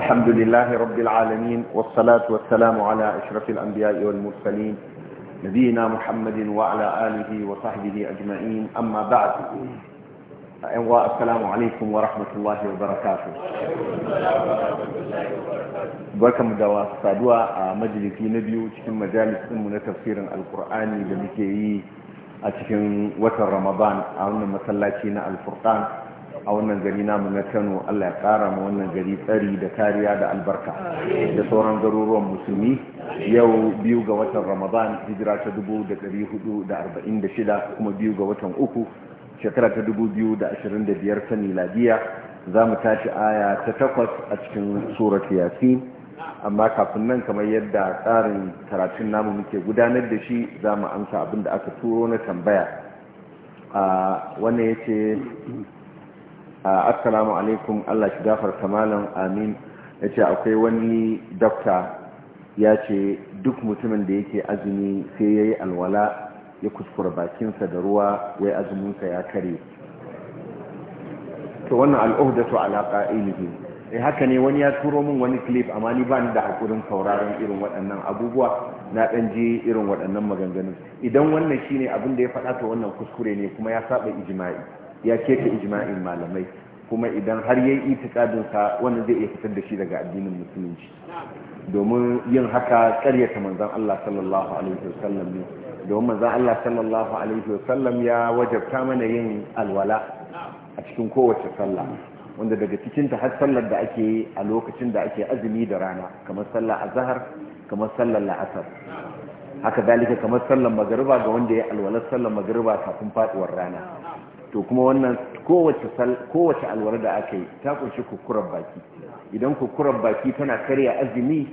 الحمد لله رب العالمين والصلاة والسلام على أشرف الأنبياء والمرسلين نبينا محمد وعلى آله وصحبه أجمعين أما بعد السلام عليكم ورحمة الله وبركاته بكم دوا سادوا آه، مجلس نبيو تشكم مجالس من تفسير القرآن لمكيه أتشكم وتر رمضان أو مثلا الفرقان a wannan gari namu na Kano Allah ya kara ma wannan gari tsari da kariya da albarka da sauran garuruwan musulmi yau biyu ga watan Ramadan hijira ta 1446 kuma biyu ga watan uku shekara ta 2025 ta miladiya za mu tashi aya ta takwas a cikin surat yasin amma kafin nan kamar yadda tsarin karatun namu muke gudanar da shi za mu amsa abin da aka turo na tambaya wannan ya ce assalamu alaikum Allah shi gafar malam amin ce akwai wani dokta ya ce duk mutumin da yake azumi sai ya yi alwala ya kuskura bakinsa da ruwa wai azuminsa ya kare to wannan al'uhdatu alaƙa qa'ilihi eh haka ne wani ya turo min wani clip amma ni ba ni da hakurin sauraron irin waɗannan abubuwa na ɗan je irin waɗannan maganganun idan wannan shine abin da ya faɗa to wannan kuskure ne kuma ya saba ijma'i ya keke ijma'in malamai kuma idan har yi itikadin sa wanda zai iya fitar da shi daga addinin musulunci domin yin haka karyata manzon Allah sallallahu alaihi wasallam ne domin manzon Allah sallallahu alaihi wasallam ya wajabta mana yin alwala a cikin kowace sallah wanda daga cikin ta har sallar da ake yi a lokacin da ake azumi da rana kamar sallar azhar kamar sallar la'asar haka dalika kamar sallar magariba ga wanda ya alwalar sallar magariba kafin faduwar rana to kuma wannan kowace alwara da aka yi ta kunshi kukurar baki idan kukurar baki tana karya azumi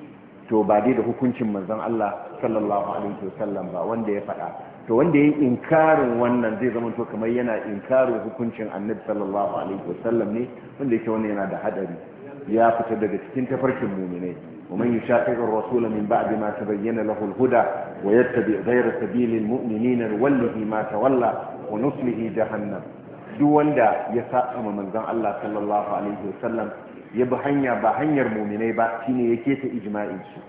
to ba dai da hukuncin manzon Allah sallallahu alaihi wasallam ba wanda ya faɗa to wanda ya inkarin wannan zai zama to kamar yana inkarin hukuncin annabi sallallahu alaihi wasallam ne wanda yake wannan yana da hadari ya fita daga cikin tafarkin mu'minai ومن يشاقق الرسول من بعد ما تبين له الهدى ويتبع غير سبيل المؤمنين نوله ما تولى wa da jahannam duk wanda ya saba ma manzon Allah sallallahu alaihi wasallam ya bi hanya ba hanyar muminai ba shine ya keta ijma'in su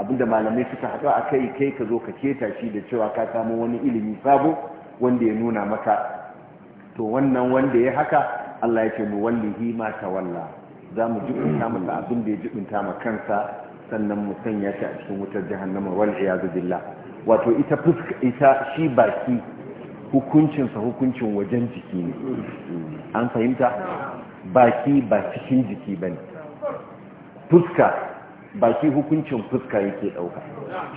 abinda malamai suka haɗu a kai kai ka zo ka keta shi da cewa ka samu wani ilimi sabo wanda ya nuna maka to wannan wanda ya haka Allah ya ce mu wallihi ma tawalla za mu jibinta masa abin da ya jibinta ma kansa sannan mu sanya shi a cikin wutar jahannama wal iyadu billah wato ita fuska ita shi baki hukuncinsa hukuncin wajen jiki ne an fahimta baki ba cikin jiki bane ne fuska baki hukuncin fuska yake dauka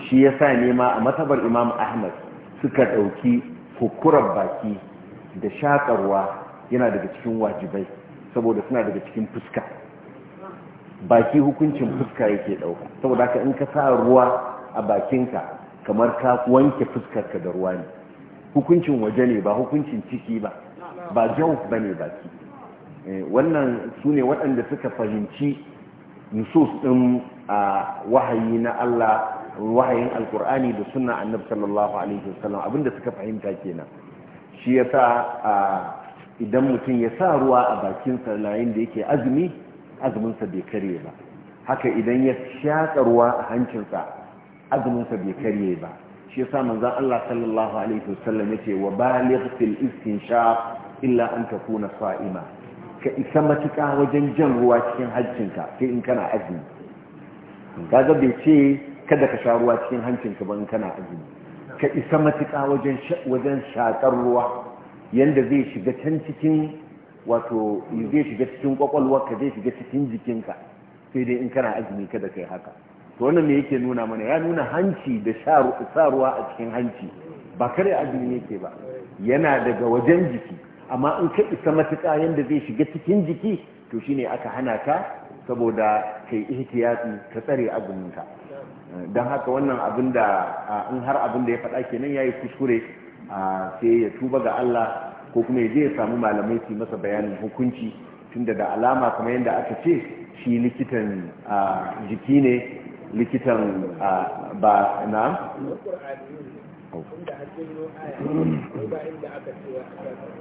shi ya sa nema a matabar imam ahmad suka dauki hukurar baki da shakarwa yana daga cikin wajibai saboda suna daga cikin fuska baki hukuncin fuska yake dauka saboda haka in ka sa ruwa a bakinka kamar ka wanke fuskarka da ruwa ne hukuncin waje ne ba hukuncin ciki ba ba jau ba ne baki eh, wannan su ne waɗanda suka fahimci nusus ɗin a wahayi na Allah wahayin alkur'ani da sunna annabi sallallahu alaihi wasallam abinda suka fahimta kenan shi ya yasa idan mutum ya sa ruwa a bakinsa layin da yake azumi azuminsa bai karye ba haka idan ya shaƙa ruwa a hancinsa azuminsa bai karye ba shi yasa manzon Allah sallallahu alaihi wasallam yace wa baligh fil istinshaq illa an takuna sa'ima ka isa matuƙa wajen jan ruwa cikin hancinka sai in kana azumi kaga bai ce kada ka sha ruwa cikin hancinka ba in kana azumi ka isa matuƙa wajen wajen shakar ruwa yanda zai shiga can cikin wato zai shiga cikin kwakwalwarka zai shiga cikin jikinka sai dai in kana azumi kada kai haka to wannan ne yake nuna mana ya nuna hanci da sa a cikin hanci ba kare azumi yake ba yana daga wajen jiki amma in ka isa matuƙa yadda zai shiga cikin jiki to shine aka hana ka saboda kai ihtiyati ka tsare azuminka don haka wannan abin da in har abin da ya faɗa ke nan ya yi kuskure sai ya tuba ga Allah ko kuma ya je ya samu malamai su masa bayanin hukunci tunda da alama kamar yadda aka ce shi likitan jiki ne likitan ba na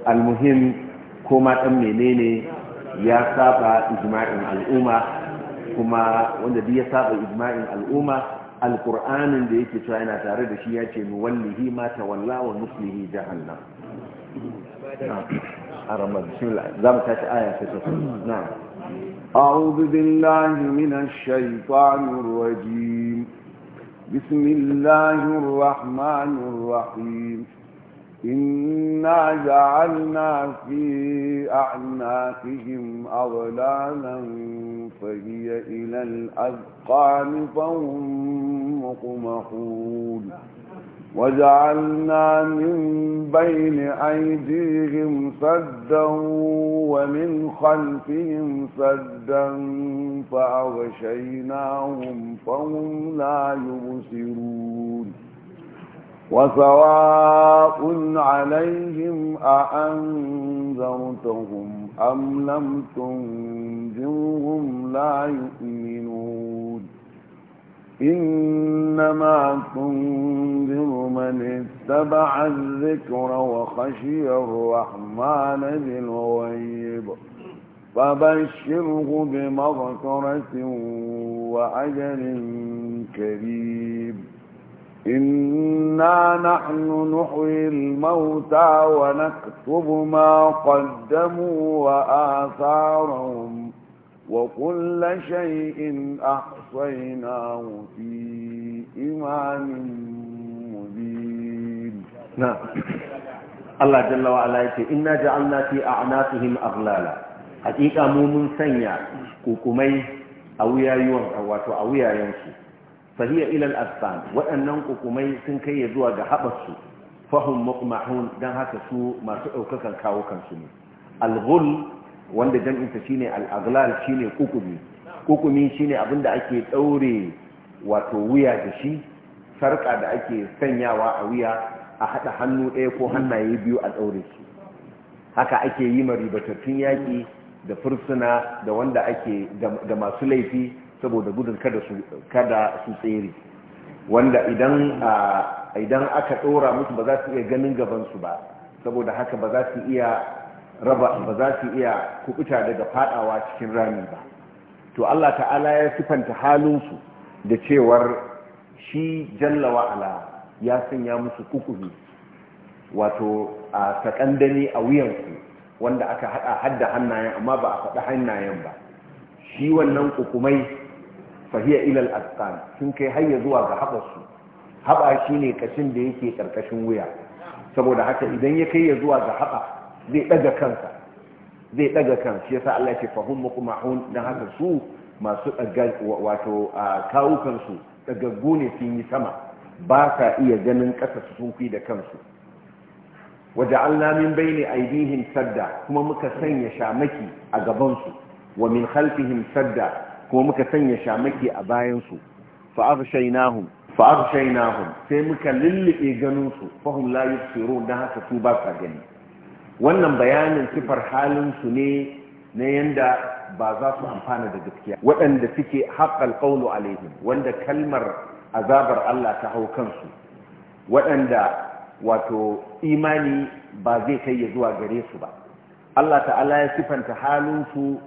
almuhim koma ɗan menene ya saba ijma'in al'umma kuma wanda duk ya saba ijma'in al'umma alkur'anin da yake cewa yana tare da shi ya ce mu wallihi ma tawalla wa nuslihi jahannam a ramadan bismillah za mu tashi aya ta 9 أعوذ بالله من الشيطان الرجيم بسم الله الرحمن الرحيم إنا جعلنا في أعناقهم أغلالا فهي إلى الأذقان فهم مقمحون وجعلنا من بين أيديهم سدا ومن خلفهم سدا فأغشيناهم فهم لا يبصرون وسواء عليهم أأنذرتهم أم لم تنذرهم لا يؤمنون إنما تنذر من اتبع الذكر وخشي الرحمن بالغيب فبشره بمغفرة وأجر كريم إنا نحن نحيي الموتى ونكتب ما قدموا وآثارهم وكل شيء أحصيناه في إمام مبين نعم الله جل وعلا يقول إنا جعلنا في أعناقهم أغلالا حقيقة مومن سنيا كوكمي أويا يوم أواتو أويا ينسو فهي إلى الأسفان وأنهم كوكمي سنكي يدوى جحبسو فهم مقمحون دهك سو ما سؤوكا كاوكا سنو الغل wanda jam'insa shine al-aghlal shine kukumi kukumi shine abin da ake daure wato wuya da shi sarƙa da ake sanyawa a wuya a haɗa hannu ɗaya ko hannaye biyu a daure shi haka ake yi ma ribatattun yaki da fursuna da wanda ake da masu laifi saboda gudun kada su kada su tsere wanda idan idan aka ɗora musu ba za su iya ganin gabansu ba saboda haka ba za su iya raba ba za su iya kubuta daga faɗawa cikin rami ba to Allah ta'ala ya sifanta halinsu da cewar shi Jallawa wa'ala ya sanya musu kukuri wato a sakandani a wuyansu wanda aka haɗa hadda hannayen amma ba a faɗi hannayen ba shi wannan kukumai fahiyar ilal askan sun kai hayya zuwa ga haɓarsu haɓa shi ne kashin da yake ƙarƙashin wuya saboda haka idan ya kai ya zuwa ga haɓa zai ɗaga kansa zai ɗaga kan shi yasa Allah yake fahum maqmahun dan haka su masu ɗaga wato kawukan su dagaggu ne sun yi sama ba ka iya ganin ƙasa su sun fi da kansu waja'alna bai ne aydihim sadda kuma muka sanya shamaki a gabansu, su wa min khalfihim sadda kuma muka sanya shamaki a bayan su fa aghshaynahum fa sai muka lullube ganinsu su fahum na haka su ba ka gani wannan bayanin sifar halin su ne na yanda ba za su amfana da gaskiya waɗanda suke haƙƙal qawlu alaihim wanda kalmar azabar Allah ta hau kansu waɗanda wato imani ba zai kai ya zuwa gare su ba Allah ta'ala ya sifanta halinsu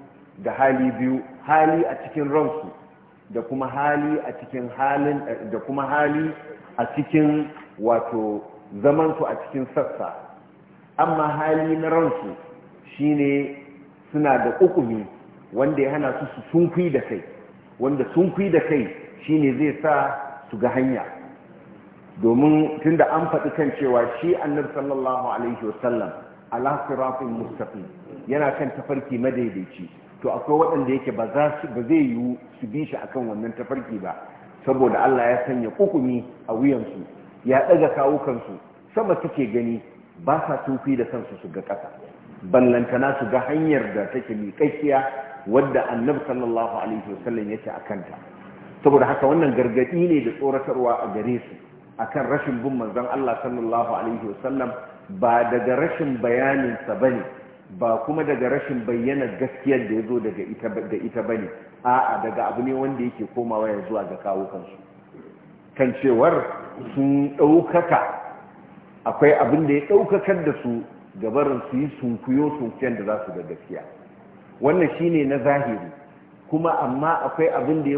da hali biyu hali a cikin ransu da kuma hali a cikin halin da kuma hali a cikin wato zamansu a cikin sassa amma hali na ransu shine suna da ukumi wanda ya hana su su sunkwi da kai wanda sunkwi da kai shine zai sa su ga hanya domin tunda an faɗi kan cewa shi annabi sallallahu alaihi wasallam ala siratin mustaqim yana kan tafarki madaidaici to akwai waɗanda yake ba zai yiwu su bi shi akan wannan tafarki ba saboda Allah ya sanya kukumi a wuyansu ya ɗaga kawukansu sama suke gani ba sa tufi da kansu su ga ƙasa ballantana su ga hanyar da take miƙaƙiya wadda annabi sallallahu alaihi wasallam yake a kanta saboda haka wannan gargaɗi ne da tsoratarwa a gare su akan rashin bin manzon Allah sallallahu alaihi wasallam ba daga rashin bayaninsa bane ba kuma daga rashin bayyana gaskiyar da ya zo daga ita ba ne a'a daga abu ne wanda yake komawa ya zuwa ga kawo kansu kan cewar sun ɗaukaka akwai abin da ya ɗaukakar da su gabarin su yi sunkuyo sunkuyen da za su ga gaskiya wannan shi ne na zahiri kuma amma akwai abin da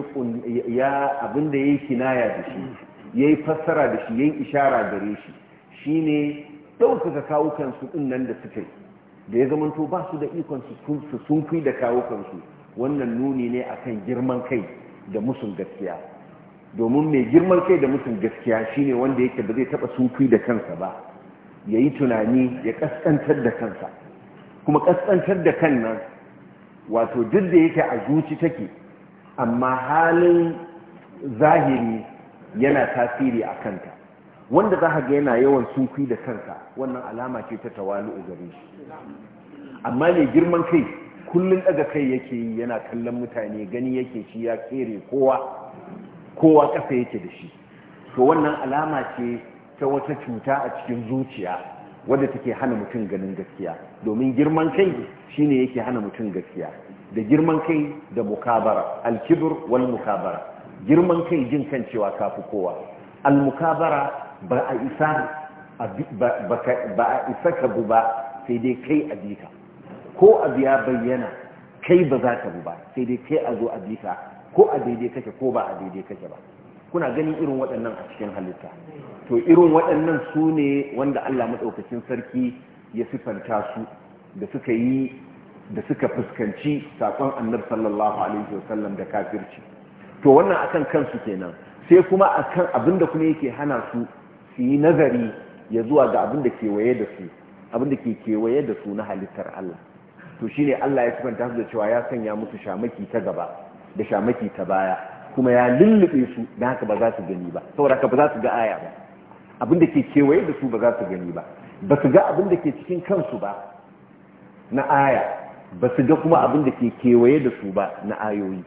ya abin da kinaya da shi ya yi fassara da shi ya yi ishara gare shi shi shine ɗaukaka kawukansu ɗin nan da suka yi da ya zamanto ba su da ikon su sunkuyi da da kawukansu wannan nuni ne akan girman kai da musun gaskiya domin mai girman kai da mutum gaskiya shine wanda yake ba zai taba sufi da kansa ba ya yi tunani ya kaskantar da kansa kuma kaskantar da kan nan wato duk da yake a zuci take amma halin zahiri yana tasiri a kanta wanda za ga yana yawan sufi da kansa wannan alama ce ta tawalu'u gare shi amma mai girman kai kullum daga kai yake yi yana kallon mutane gani yake shi ya kere kowa kowa ƙasa yake da shi to wannan alama ce ta wata cuta a cikin zuciya wadda take hana mutum ganin gaskiya domin girman kai shine yake hana mutum gaskiya da girman kai da mukabara alkibir wal mukabara girman kai jin kan cewa kafi kowa al mukabara ba a isa ba a isa ka bu ba sai dai kai a ko abu ya bayyana kai ba za ka bu ba sai dai kai a zo a bika ko a daidai kake ko ba a daidai kake ba kuna ganin irin waɗannan a cikin halitta to irin waɗannan su ne wanda Allah maɗaukacin sarki ya sifanta su da suka yi da suka fuskanci saƙon annabi sallallahu alaihi wasallam da kafirci to wannan akan kansu kenan sai kuma akan da kuma yake hana su su yi nazari ya zuwa ga abin da kewaye da su abin da ke kewaye da su na halittar Allah to shi ne Allah ya sifanta su da cewa ya sanya musu shamaki ta gaba da shamaki ta baya kuma ya lullube su da haka ba za su gani ba saboda ka ba za su ga aya ba abinda ke kewaye da su ba za su gani ba ba su ga abinda ke cikin kansu ba na aya ba su ga kuma abinda ke kewaye da su ba na ayoyi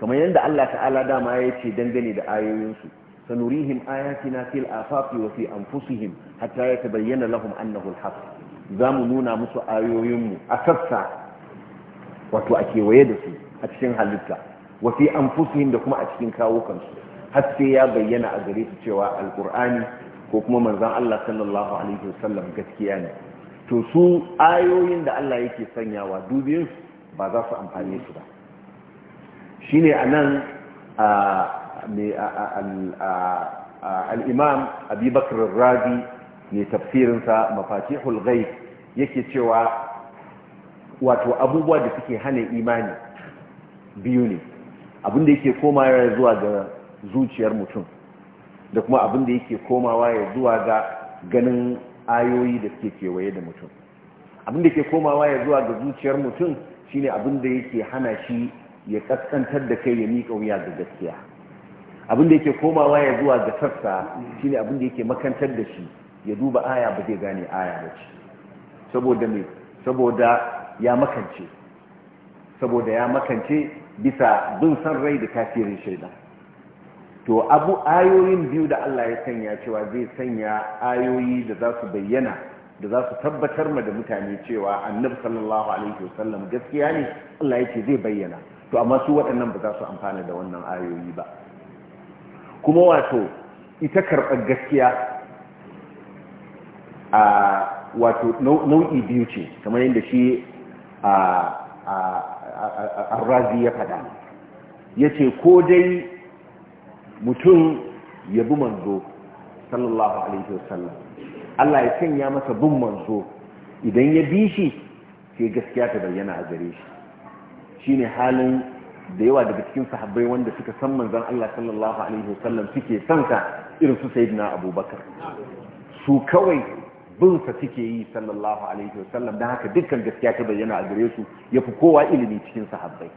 kamar yadda Allah ta'ala dama ya ce dangane da ayoyinsu sanurihim ayatina fil afaqi wa fi anfusihim hatta yatabayyana lahum annahu alhaq za mu nuna musu ayoyinmu a sassa wato a kewaye da su a cikin halitta wa fi anfusihim da kuma a cikin kawo kansu har sai ya bayyana a gare su cewa alkur'ani ko kuma manzon Allah sallallahu alaihi wasallam gaskiya ne to su ayoyin da Allah yake sanyawa dubiyin ba za su amfane su ba shine anan al-imam Abi Bakr ne tafsirinsa mafatihul ghaib yake cewa wato abubuwa da suke hana imani biyu ne abin da yake komawa ya zuwa ga zuciyar mutum da kuma abin da yake komawa ya zuwa ga ganin ayoyi da suke kewaye da mutum abin da ke komawa ya zuwa ga zuciyar mutum ne abin da yake hana shi ya kaskantar da kai ya miƙa wuya ga gaskiya abin da yake komawa ya zuwa ga sassa ne abin da yake makantar da shi ya duba aya ba zai gane aya ba shi, saboda me saboda ya makance saboda ya makance bisa bin san rai da tasirin shaidan to abu ayoyin biyu da Allah ya sanya cewa zai sanya ayoyi da za su bayyana da za su tabbatar ma da mutane cewa annabi sallallahu alaihi wasallam gaskiya ne Allah ya ce zai bayyana to amma su waɗannan ba za su amfana da wannan ayoyi ba kuma wato ita karɓar gaskiya a wato nau'i biyu ce kamar yadda shi a arrazi ya faɗa ya ce ko dai mutum ya bi manzo sallallahu alaihi wasallam Allah ya sanya masa bin manzo idan ya bi shi sai gaskiya ta bayyana a gare shi shine halin da yawa daga cikin sahabbai wanda suka san manzon Allah sallallahu alaihi wasallam suke ka irin su sayyidina Abubakar su kawai bin sa suke yi sallallahu alaihi wasallam dan haka dukkan gaskiya ta bayyana a gare su yafi kowa ilimi cikin sahabbai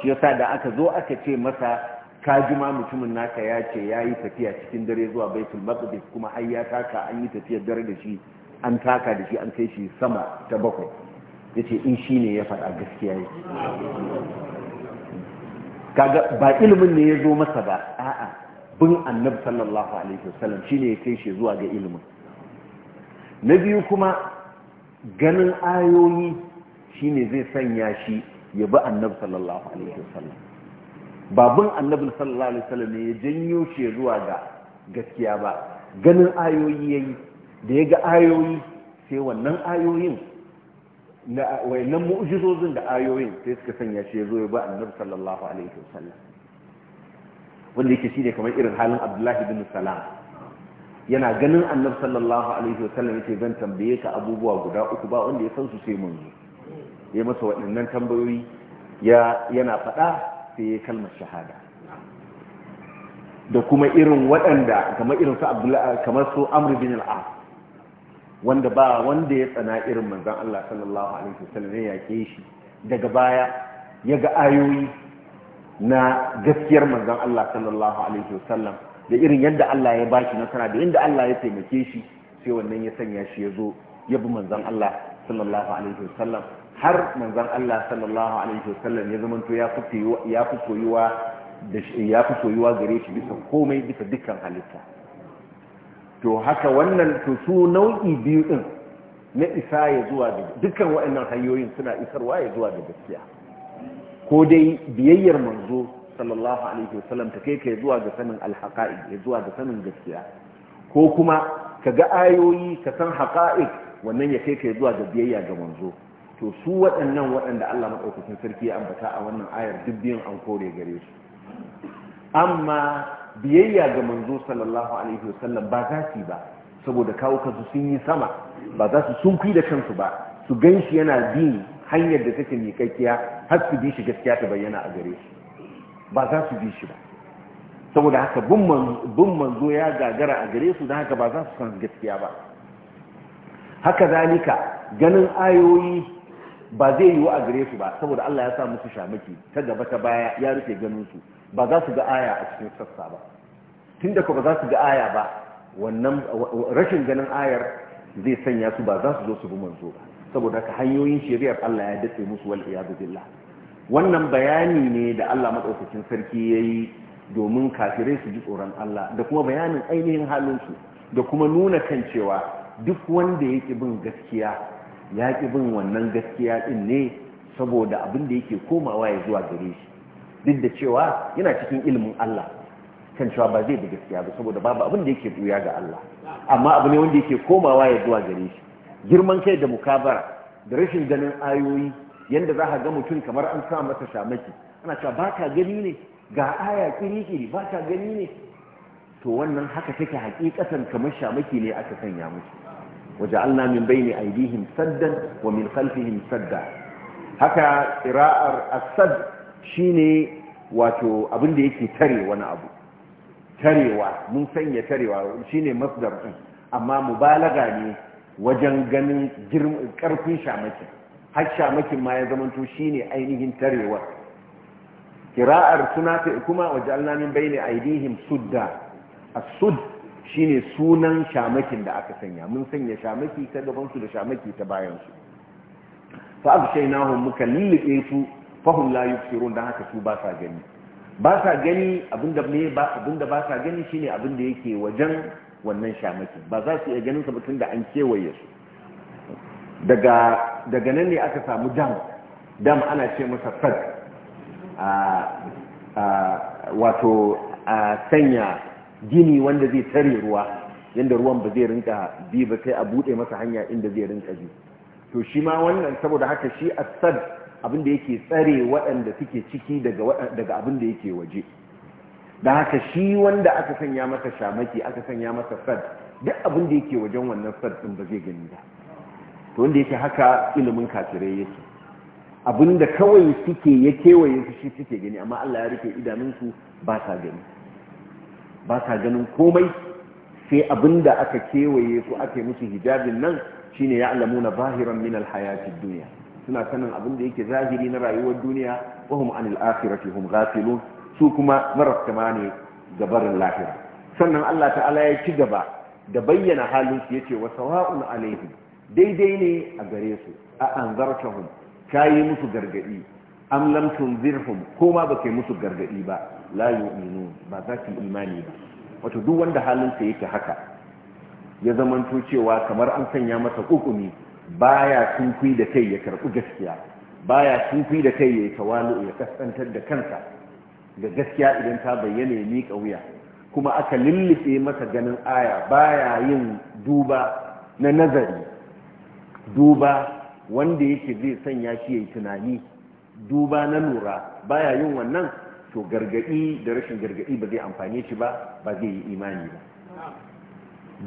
shi yasa da aka zo aka ce masa ka jima mutumin naka ya ce ya yi tafiya cikin dare zuwa baitul maqdis kuma har ya taka an yi tafiya dare da shi an taka da shi an kai shi sama ta bakwai yace in shine ya faɗa gaskiya yake kaga ba ilimin ne ya zo masa ba a'a bin annabi sallallahu alaihi wasallam shine ya kai shi zuwa ga ilimin na biyu kuma ganin ayoyi shine zai sanya shi ya bi annabi sallallahu alaihi wasallam babun annabi sallallahu alaihi wasallam ne ya janyo shi zuwa ga gaskiya ba ganin ayoyi yayi da ya ga ayoyi sai wannan ayoyin na wayannan mu'jizozin da ayoyin sai suka sanya shi ya zo ya bi annabi sallallahu alaihi wasallam wanda yake shine kamar irin halin Abdullahi bin Salam yana ganin annab sallallahu alaihi wasallam yake zan tambaye ka abubuwa guda uku ba wanda ya san su sai mun ya masa waɗannan tambayoyi ya yana faɗa sai ya kalmar shahada da kuma irin waɗanda kamar irin su abdullahi kamar su amr bin al-as wanda ba wanda ya tsana irin manzon Allah sallallahu alaihi wasallam ya yake shi daga baya ya ga ayoyi na gaskiyar manzon Allah sallallahu alaihi wasallam da irin yadda Allah ya bashi nasara da yadda Allah ya taimake shi sai wannan ya sanya shi ya zo ya bi Allah sallallahu alaihi wasallam har manzan Allah sallallahu alaihi wasallam ya ya fi ya fi soyuwa da ya fi soyuwa gare shi bisa komai bisa dukkan halitta to haka wannan to su nau'i biyu din na isa ya zuwa da dukkan waɗannan hanyoyin suna isarwa ya zuwa da gaskiya ko dai biyayyar manzo sallallahu alaihi wasallam ta kai kai zuwa ga sanin alhaqa'iq ya zuwa ga sanin gaskiya ko kuma ka ga ayoyi ka san haqa'iq wannan ya kai kai zuwa ga biyayya ga manzo to su waɗannan waɗanda Allah madaukakin sarki ya ambata a wannan ayar duk biyan an kore gare su amma biyayya ga manzo sallallahu alaihi wasallam ba za su ba saboda kawo kansu sun yi sama ba za su sunkuyi da kansu ba su ganshi yana bin hanyar da take miƙaƙƙiya har su bi shi gaskiya ta bayyana a gare su. ba za su bi shi ba saboda haka bin manzo ya gagara a gare su don haka ba za su san gaskiya ba haka zalika ganin ayoyi ba zai yiwu a gare su ba saboda Allah ya sa musu shamaki ta gaba ta baya ya rufe ganin su ba za su ga aya a cikin sassa ba tun da ba za su ga aya ba wannan rashin ganin ayar zai sanya su ba za su zo su bi manzo ba saboda ka hanyoyin shari'ar Allah ya dace musu wal iyadu billah wannan bayani ne da Allah matsaukacin sarki ya yi domin kafirai su ji tsoron Allah da kuma bayanin ainihin halinsu da kuma nuna kan cewa duk wanda ya ƙi bin gaskiya ya ƙi bin wannan gaskiya ɗin ne saboda abin da yake komawa ya zuwa gare shi duk da cewa yana cikin ilimin Allah kan cewa ba zai da gaskiya ba saboda babu abin da yake buya ga Allah amma abu ne wanda yake komawa ya zuwa gare shi girman kai da mukabara da rashin ganin ayoyi Yadda za a ga mutum kamar an sa masa shamaki ana cewa ba ka gani ne ga aya kiri-kiri ba ka gani ne to wannan haka take hakikatan kamar shamaki ne aka sanya musu waje Allah min ne aidihim saddan wa min khalfihim sadda haka Iraar Asad shi ne wato abin da yake tare wani abu tarewa mun sanya tarewa shine masdar din amma mubalaga ne wajen ganin karfin shamakin har shamakin ma ya zamanto shine ainihin tarewa kira'ar suna ta kuma wajalna min bayni aidihim sudda as-sud shine sunan shamakin da aka sanya mun sanya shamaki ta gaban su da shamaki ta bayan su fa abshaynahum muka lilliqe su fahum la yubsirun dan haka su ba sa gani ba sa gani abinda ne ba abinda ba sa gani shine abinda yake wajen wannan shamaki ba za su iya ganin sa ba tunda an kewaye su daga nan ne aka samu dam dam ana ce masa fad wato a sanya gini wanda zai tare ruwa yadda ruwan ba zai rinka bi ba sai a buɗe masa hanya inda zai rinka bi to shi ma wannan saboda haka shi asad abinda yake tsare waɗanda suke ciki daga abinda yake waje da haka shi wanda aka sanya masa shamaki aka sanya masa sad duk abinda yake wajen wannan sad ɗin ba zai gani ba to wanda yake haka ilimin kafirai yake abinda kawai suke ya kewaye su shi suke gani amma Allah ya rufe idanunsu ba sa gani ba sa ganin komai sai abinda aka kewaye su ake musu hijabin nan shine na zahiran min alhayatid duniya suna sanin da yake zahiri na rayuwar duniya wa hum anil akhirati hum ghafilun su kuma marafkama ne barin lahira sannan Allah ta'ala ya ci gaba da bayyana halin su yace wa sawa'un alaihim daidai ne a gare su a ka yi musu gargaɗi am lam tunzirhum ko ma ba yi musu gargaɗi ba la yu'minu ba za su imani ba wato duk wanda halin sa yake haka ya zamanto cewa kamar an sanya masa kukumi baya tunkui da kai ya karbi gaskiya baya tunkui da kai ya tawalu ya kasantar da kansa ga gaskiya idan ta bayyana ya miƙa wuya kuma aka lullufe masa ganin aya baya yin duba na nazari duba wanda yake zai sanya shi ya yi tunani duba na lura baya yin wannan to gargaɗi da rashin gargaɗi ba zai amfane shi ba ba zai yi imani ba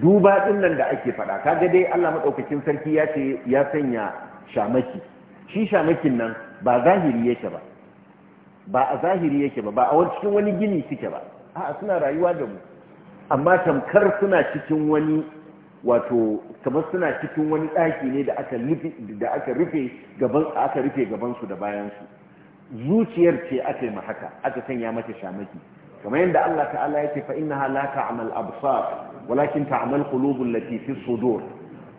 duba din nan da ake faɗa kaga dai Allah madaukakin sarki ya ce ya sanya shamaki shi shamakin nan ba zahiri yake ba ba a zahiri yake ba ba a cikin wani gini suke ba a'a suna rayuwa da mu amma tamkar suna cikin wani wato kamar suna cikin wani ɗaki ne da aka rufe da aka rufe gaban aka rufe gaban da bayansu, zuciyar ce aka yi ma haka aka sanya mata shamaki kamar yadda Allah ta'ala yake fa innaha la ta'mal absar walakin ta'mal qulubul lati fi sudur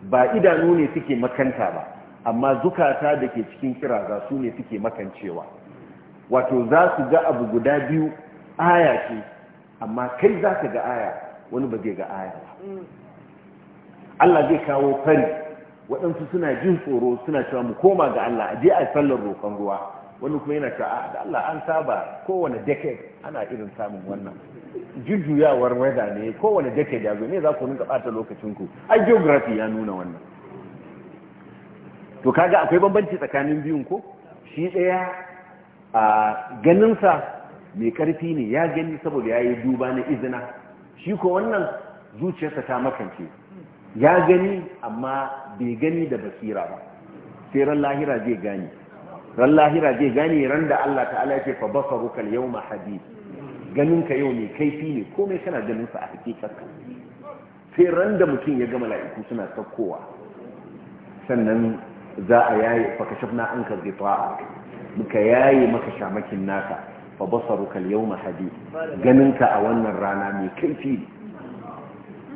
ba idanu ne suke makanta ba amma zukata da ke cikin kiraza su ne suke makancewa wato za su ga abu guda biyu aya ce amma kai za ka ga aya wani ba zai ga aya ba Allah zai kawo fari waɗansu suna jin tsoro suna cewa mu koma ga Allah a je a sallar roƙon ruwa wani kuma yana cewa da Allah an saba kowane decade ana irin samun wannan jujjuyawar weather ne kowane decade ya zo ne za ku rinka ɓata lokacin ku ai geography ya nuna wannan to kaga akwai bambanci tsakanin biyun ko shi ɗaya a ganinsa mai ƙarfi ne ya gani saboda ya yi duba na izina shi ko wannan zuciyarsa ta makance ya gani amma bai gani da basira ba sai ran lahira zai gani ran lahira zai gani ran da Allah ta'ala ya ce fa basaruka al-yawma hadid ganin ka yau mai kaifi ne komai kana ganin sa a hakikarka sai ran da mutum ya ga mala'iku suna saukowa sannan za a yaye fa kashafna anka ghita'a muka yaye maka shamakin naka fa basaruka al-yawma hadid ganin ka a wannan rana mai kaifi ne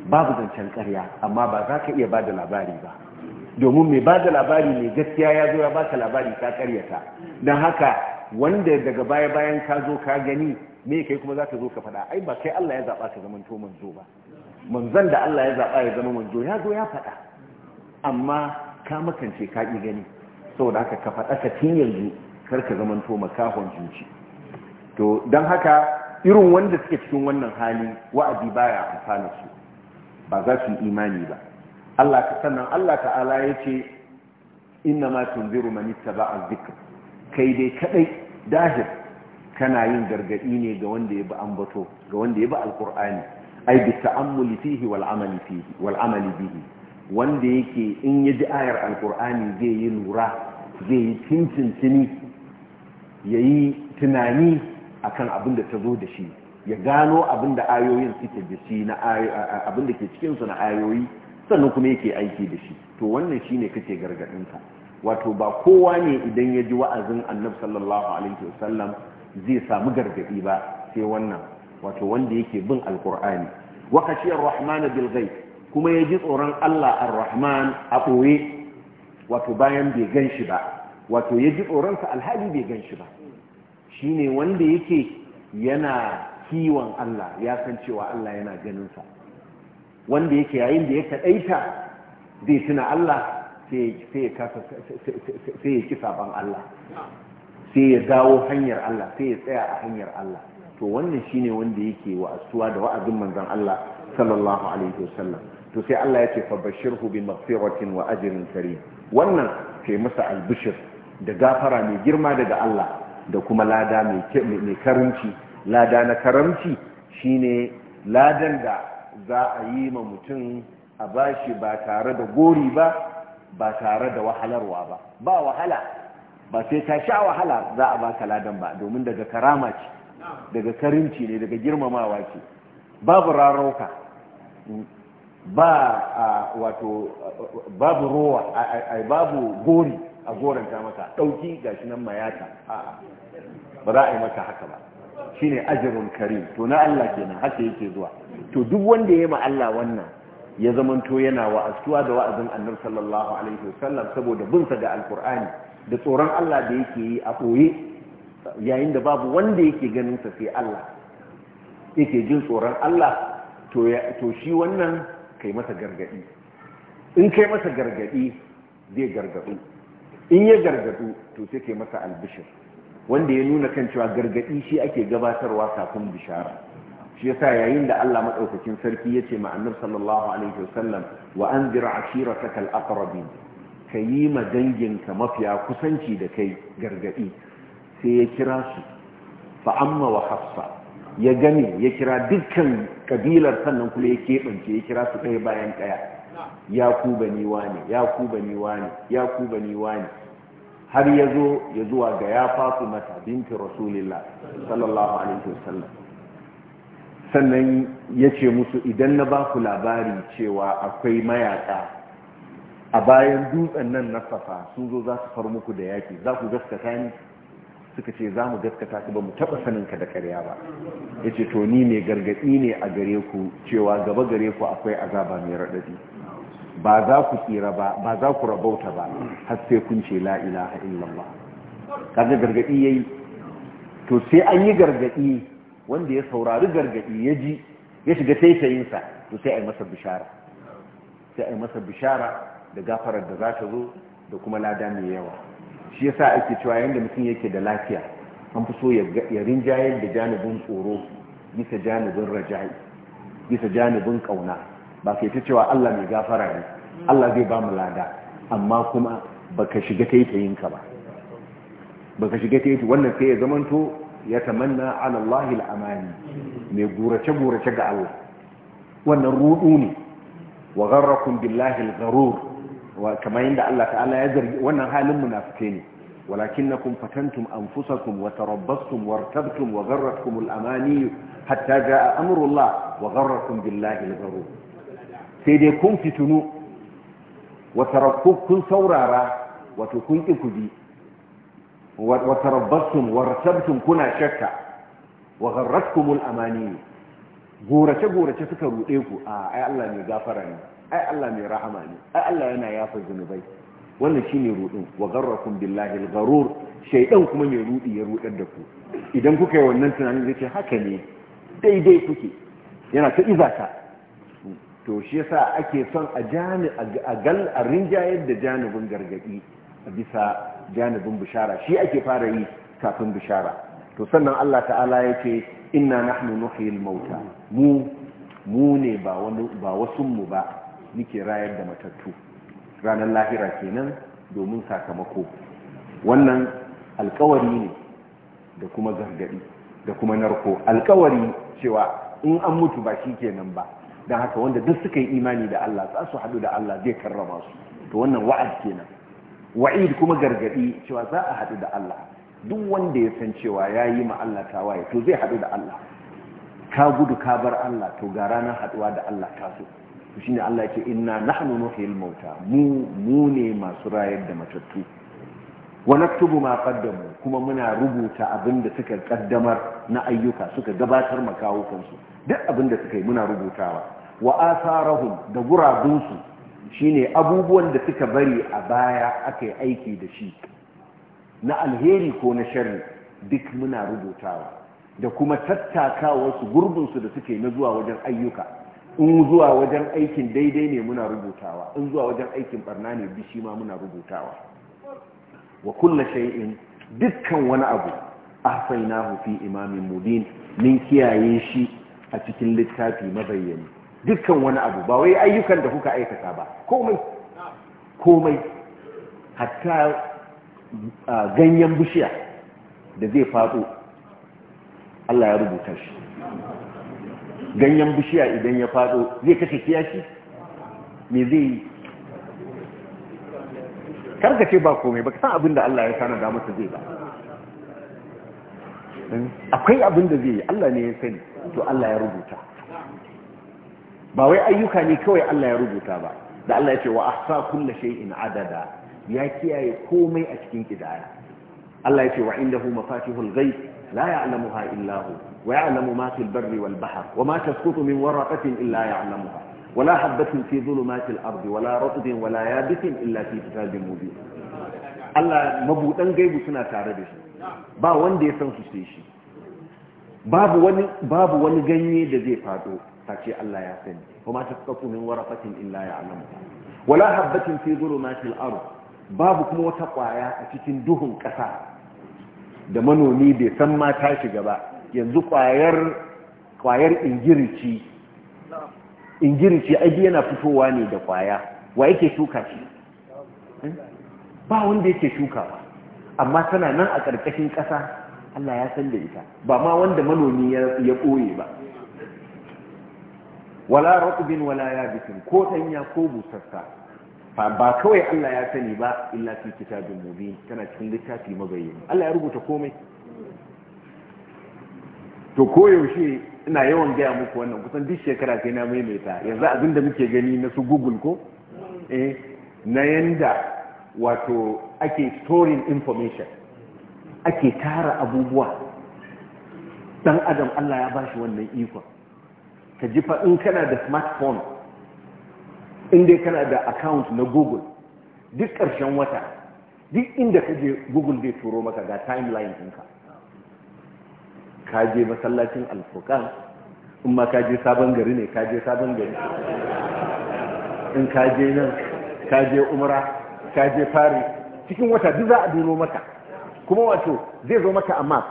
babu zancen karya amma ba za ka iya ba da labari ba domin mai ba da labari mai gaskiya ya zo ya ba ka labari ka karyata don haka wanda daga baya bayan ka zo ka gani me kai kuma za ka zo ka faɗa ai ba kai Allah ya zaɓa ka zaman to manzo ba manzon da Allah ya zaɓa ya zama manzo ya zo ya faɗa amma ka makance ka ƙi gani saboda haka ka faɗa ka tun yanzu kar ka zaman to makahon juci to don haka irin wanda suke cikin wannan hali wa'azi baya amfana su ba za su yi imani ba Allah ka sannan Allah ta'ala ya ce inna ma tunziru ba ittaba'a kai dai kadai dahir kana yin gargadi ne ga wanda ya bi ambato ga wanda ya bi alqur'ani ai bi ta'ammuli fihi wal amali bihi wanda yake in ya ji ayar alkur'ani zai yi lura zai yi tintintini yi tunani akan abin da ta zo da shi ya gano abin da ayoyin suke da shi na abin da ke cikin su na ayoyi sannan kuma yake aiki da shi to wannan shine kake gargadin ka wato ba kowa ne idan ya ji wa'azin Annabi sallallahu alaihi wasallam zai samu gargadi ba sai wannan wato wanda yake bin alqur'ani wa khashiyar rahman bil ghaib kuma ya ji tsoron Allah ar-rahman a boye wato bayan bai gan shi ba wato ya ji tsoronsa alhali bai gan shi ba shine wanda yake yana kiwon Allah ya san cewa Allah yana ganinsa wanda yake yayin da ya kaɗaita zai tuna Allah sai ya ki saban Allah sai ya dawo hanyar Allah sai ya tsaya a hanyar Allah to wannan shine wanda yake wa'azuwa da wa'azin manzan Allah sallallahu alaihi wasallam to sai Allah ce fa bashirhu bi maghfiratin wa ajrin karim wannan sai masa albishir da gafara mai girma daga Allah da kuma lada mai karinci lada na karamci shine ladan da za a yi ma mutum a bashi ba tare da gori ba ba tare da wahalarwa ba ba wahala ba sai ta sha wahala za a baka ladan ba domin daga karama ce daga karimci ne daga girmamawa ce babu rarauka ba wato babu rowa babu gori a goranta maka ɗauki gashi nan mayata ba za a yi maka haka ba shine ajirin karim to na Allah kenan haka yake zuwa to duk wanda ya ma Allah wannan ya zamanto yana wa'azuwa da wa'azin Annabi sallallahu alaihi wasallam saboda bin sa da alqur'ani da tsoron Allah da yake yi a koye yayin da babu wanda yake ganin sa sai Allah yake jin tsoron Allah to to shi wannan kai masa gargadi in kai masa gargadi zai gargadu in ya gargadu to sai kai masa albishir wanda ya nuna kan cewa gargadi shi ake gabatarwa kafin bishara shi yasa yayin da Allah madaukakin sarki ya ce ma annabi sallallahu alaihi wasallam wa anzir ashiratak al-aqrabin kayi ma ka mafiya kusanci da kai gargadi sai ya kira su fa amma wa hafsa ya gani ya kira dukkan kabilar sannan kuma ya keɓance ya kira su ɗaya bayan ɗaya ya ku bani wani ya ku bani wani ya ku bani wani har ya zo ya zuwa ga ya fasu mata binti rasulillah sallallahu alaihi wasallam sannan ya ce musu idan na ba ku labari cewa akwai mayaka a bayan dutsen nan na safa sun zo za su far muku da yaki za ku gaskata ni suka ce za mu gaskata su ba mu taɓa saninka da karya ba ya ce to ni ne gargadi ne a gare ku cewa gaba gare ku akwai azaba mai raɗaɗi ba za ku tsira ba ba za ku rabauta ba har sai kun ce la ilaha illallah kaga gargadi yayi to sai an yi gargadi wanda ya saurari gargadi ya ji ya shiga taitayin sa to sai ai masa bishara sai ai masa bishara da gafarar da za ta zo da kuma lada mai yawa shi yasa ake cewa yanda mutum yake da lafiya an fi so ya rinjayar da janibin tsoro bisa janibin raja'i bisa janibin kauna ba kai ta cewa Allah mai gafara ne Allah zai ba mu lada amma kuma baka shiga taitayin yinka ba ka shiga taitayin wannan sai ya zamanto ya tamanna ala Allah amani mai gurace gurace ga Allah wannan rudu ne wa gharrakum billahi al-gharur kamar yadda Allah ta'ala ya zargi wannan halin munafike ne ولكنكم فتنتم wa وتربصتم وارتبتم وغرتكم الأماني حتى جاء أمر الله وغركم بالله الغرور sai dai kun fitunu wata kun saurara wato kun ƙi ku bi wata rabbatun warasabtun kuna shakka wa gharratkumul amani gorace gorace suka ruɗe ku a ai Allah mai gafara ne ai Allah mai rahama ne ai Allah yana yafa zunubai wannan shine ruɗin wa gharrakum billahi al-gharur shaydan kuma mai ruɗi ya ruɗar da ku idan kuka yi wannan tunanin zai ce haka ne daidai kuke yana ta izaka to shi yasa ake son a jani a gal a rinjayar da janibin gargadi a bisa janibin bishara shi ake fara yi kafin bishara to sannan Allah ta'ala Ya ce inna nahnu nuhyil mauta mu mu ne ba wani ba wasun mu ba nike rayar da matattu ranar lahira kenan domin sakamako wannan alkawari ne da kuma gargadi da kuma narko alkawari cewa in an mutu ba shi kenan ba Dan haka wanda duk suka yi imani da Allah za su haɗu da Allah zai karrama su to wannan wa'ad kenan wa'id kuma gargaɗi cewa za a haɗu da Allah duk wanda ya san cewa ya yi ma Allah tawaye to zai haɗu da Allah ka gudu ka bar Allah to ga ranar haɗuwa da Allah ta so to ne Allah yake inna nahnu nuhil mauta mu mu ne masu rayar da matattu wa naktubu ma qaddamu kuma muna rubuta abin da suka kaddamar na ayyuka suka gabatar makawukansu duk abin da suka yi muna rubutawa wa asarahum da gurabunsu shine abubuwan da suka bari a baya aka yi aiki da shi na alheri ko na sharri duk muna rubutawa da kuma tattakawarsu gurbinsu da suke na zuwa wajen ayyuka in zuwa wajen aikin daidai ne muna rubutawa in zuwa wajen aikin barna ne bishi ma muna rubutawa wa kulla shay'in dukkan wani abu ahsaynahu fi imamin mubin min kiyaye shi a cikin littafi mabayyani dukkan wani abu ba wai ayyukan da kuka aikata ba komai komai hatta ganyen bishiya da zai faɗo Allah ya rubuta shi ganyen bishiya idan ya faɗo zai kashe kiyashi me zai yi kar ka ce ba komai baka san abin da Allah ya tana da masa zai ba akwai abin da zai yi Allah ne ya sani to Allah ya rubuta ba wai ayyuka ne kawai Allah ya rubuta ba da Allah ya ce wa ahsa kullu shay'in adada ya kiyaye komai a cikin kidaya Allah ya ce wa indahu mafatihul ghaib la ya'lamuha illa hu wa ya'lamu ma fil barri wal bahr wa ma tasqutu min waraqatin illa ya'lamuha ولا حبة في ظلمات الأرض ولا رطب ولا يابس إلا في كتاب مبين Allah mabudan gaibu suna tare da shi ba wanda ya san su sai shi babu wani ganye da zai faɗo, face Allah ya sani kuma ta tsatsu min warafatin illa ya'lamu wala habatin fi dhulumatil ard babu kuma wata kwaya a cikin duhun ƙasa da manomi bai san ma ta shiga ba yanzu kwayar kwayar ingirici ce yana fitowa ne da kwaya wa yake shuka shi hmm? ba wanda yake shuka ba amma tana nan a ƙarƙashin ƙasa Allah ya san da ita ba ma wanda manomi ya ɓoye ba wala raqbin wala yabisin ko danya ko busassa ba kawai Allah ya sani ba illa fi kitabin mubin tana cikin littafi mabayyin Allah ya rubuta komai to koyaushe ina yawan gaya muku wannan kusan duk shekara sai na maimaita yanzu abin da muke gani na su google ko eh, na yanda wato ake storing information ake tara abubuwa dan adam Allah ya bashi wannan ikon ka ji fa in kana da smartphone in dai kana da account na google duk ƙarshen wata duk inda ka je google zai turo maka ga timeline ɗinka Kaje masallacin alfukan in ma kaje sabon gari ne kaje sabon gari in ka nan kaje umra kaje fari cikin wata duk za a duno maka kuma wato zai zo maka a mas,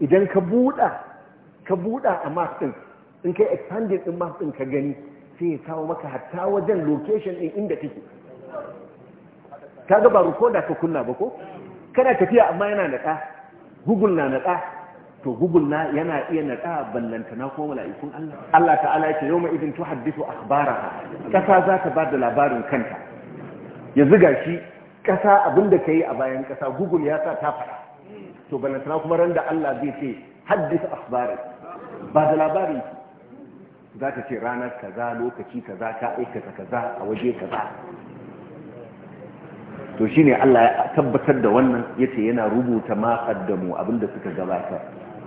idan ka buɗa ka buɗa a mas ɗin in kai expanding ɗin map ɗin ka gani sai ya kawo maka hatta wajen location ɗin inda take ka ga ba da ka kunna ba ko kana tafiya amma yana naɗa google na naɗa to google na yana iya naɗa ballantana kuma mala'ikun Allah Allah ta'ala yake yau mai idin tuhaddisu akhbaraha kasa za ta ba da labarin kanta yanzu gashi kasa abinda ka a bayan kasa google ya sa ta faɗa to ballantana kuma ran da Allah zai ce haddisa akhbarak ba da labarin za ta ce ranar kaza lokaci kaza ka aikata kaza a waje kaza to shine Allah ya tabbatar da wannan yace yana rubuta ma abin abinda suka gabatar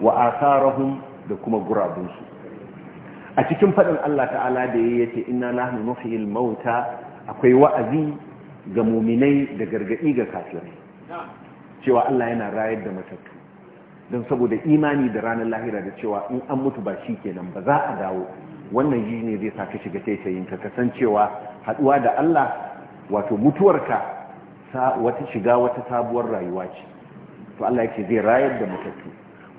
wa asarahum da kuma gurabunsu a cikin faɗin Allah ta'ala da ya yi yace inna nahnu nuhyil mauta akwai wa'azi ga muminai da gargadi ga kafirai cewa Allah yana rayar da matattu don saboda imani da ranar lahira da cewa in an mutu ba shi kenan ba za a dawo wannan yi ne zai sa ka shiga taitayin ka kasancewa haduwa da Allah wato mutuwarka wata shiga wata sabuwar rayuwa ce to Allah yake zai rayar da matattu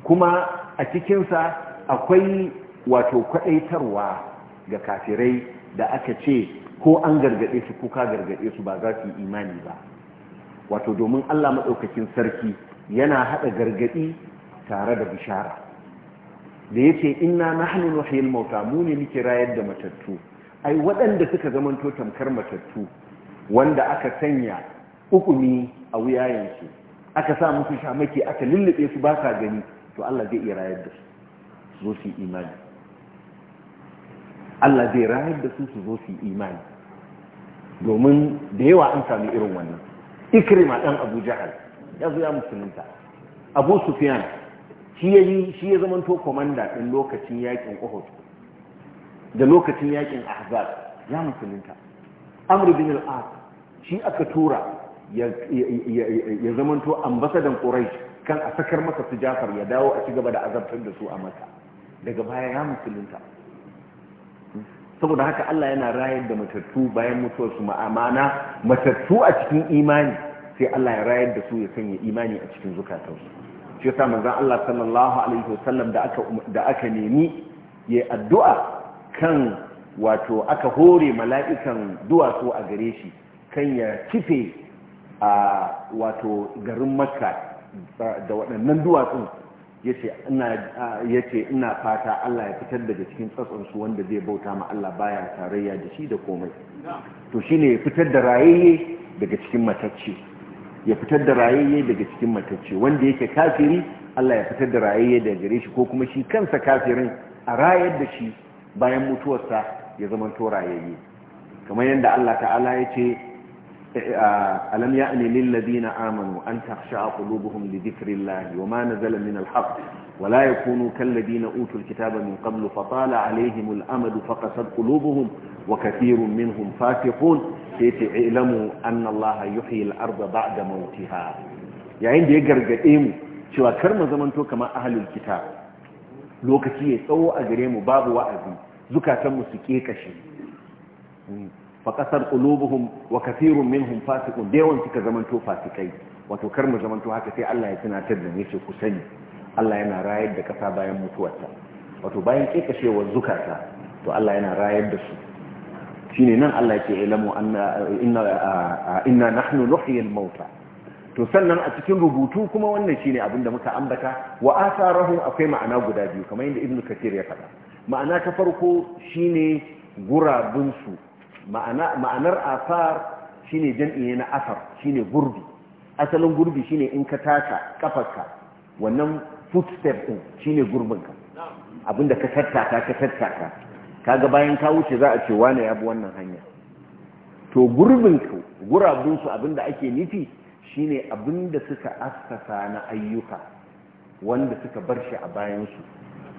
kuma a cikinsa akwai wato kwadaitarwa ga kafirai da aka ce ko an gargade su kuka ka gargade su ba za su imani ba wato domin Allah maɗaukakin sarki yana haɗa gargadi tare da bishara da yace inna nahnu wahayin mauta mu ne muke rayar da matattu ai waɗanda suka zamanto tamkar matattu wanda aka sanya ukumi a wuyayensu aka sa musu shamaki aka lullube su ba sa gani to Allah zai iya rayar da su zo su yi imani Allah zai rayar da su su zo su yi imani domin da yawa an sami irin wannan ikrima dan Abu Jahal ya zo ya musulunta Abu sufiyan shi ya yi shi ya zama to komanda ɗin lokacin yakin Uhud da lokacin yakin Ahzab ya musulunta Amr bin al-As shi aka tura ya zamanto ambasadan ƙorai. kan a sakar masa su jafar ya dawo a cigaba da azabtar da su a maka daga baya ya musulunta saboda haka Allah yana rayar da matattu bayan mutuwar su ma'amana matattu a cikin imani sai Allah ya rayar da su ya sanya imani a cikin zukatansu shi yasa manzon Allah sallallahu alaihi wasallam da aka um-, da aka nemi yayi addu'a kan wato aka hore mala'ikan duwatsu a gare shi kan ya kife a wato garin makka da waɗannan duwatsun ya ce ina fata Allah ya fitar daga cikin tsatsonsu wanda zai bauta ma Allah baya tarayya da shi da komai to shine ya fitar da rayayye daga cikin matacce ya fitar da rayayye daga cikin matacce wanda yake kafiri Allah ya fitar da rayayye daga gare shi ko kuma shi kansa kafirin a rayar da shi bayan mutuwarsa ya zama to rayayye kamar yadda Allah ta'ala ya ce ألم يأن للذين آمنوا أن تخشع قلوبهم لذكر الله وما نزل من الحق ولا يكونوا كالذين أوتوا الكتاب من قبل فطال عليهم الأمد فقست قلوبهم وكثير منهم فاسقون اعلموا أن الله يحيي الأرض بعد موتها يعني دي غرغديمو cewa kar mu zamanto kamar ahlul kitab lokaci ya tsawo a gare mu babu wa'azi zukatanmu su kekashe fa kasar qulubuhum wa kathirun minhum fasiqun da yawan suka zamanto fasikai wato kar mu zamanto haka sai Allah ya tunatar da yace ku sani Allah yana rayar da ƙasa bayan mutuwarta wato bayan kekashewar zukata to Allah yana rayar da su shine nan Allah yake ilamu anna inna inna nahnu nuhyi al-mauta to sannan a cikin rubutu kuma wannan shine abin da muka ambata wa asarahum akwai ma'ana guda biyu kamar yadda ibnu kathir ya faɗa ma'ana ta farko shine gurabun su ma'anar asar shine jam'i na asar shine gurbi asalin gurbi shine in ka taka kafarka wannan footstep din shine gurbinka abinda ka tattaka ka tattaka kaga bayan ka wuce za a ce wane ya bi wannan hanya to gurbin ka gurabun su abinda ake nufi shine abinda suka asasa na ayyuka wanda suka bar shi a bayan su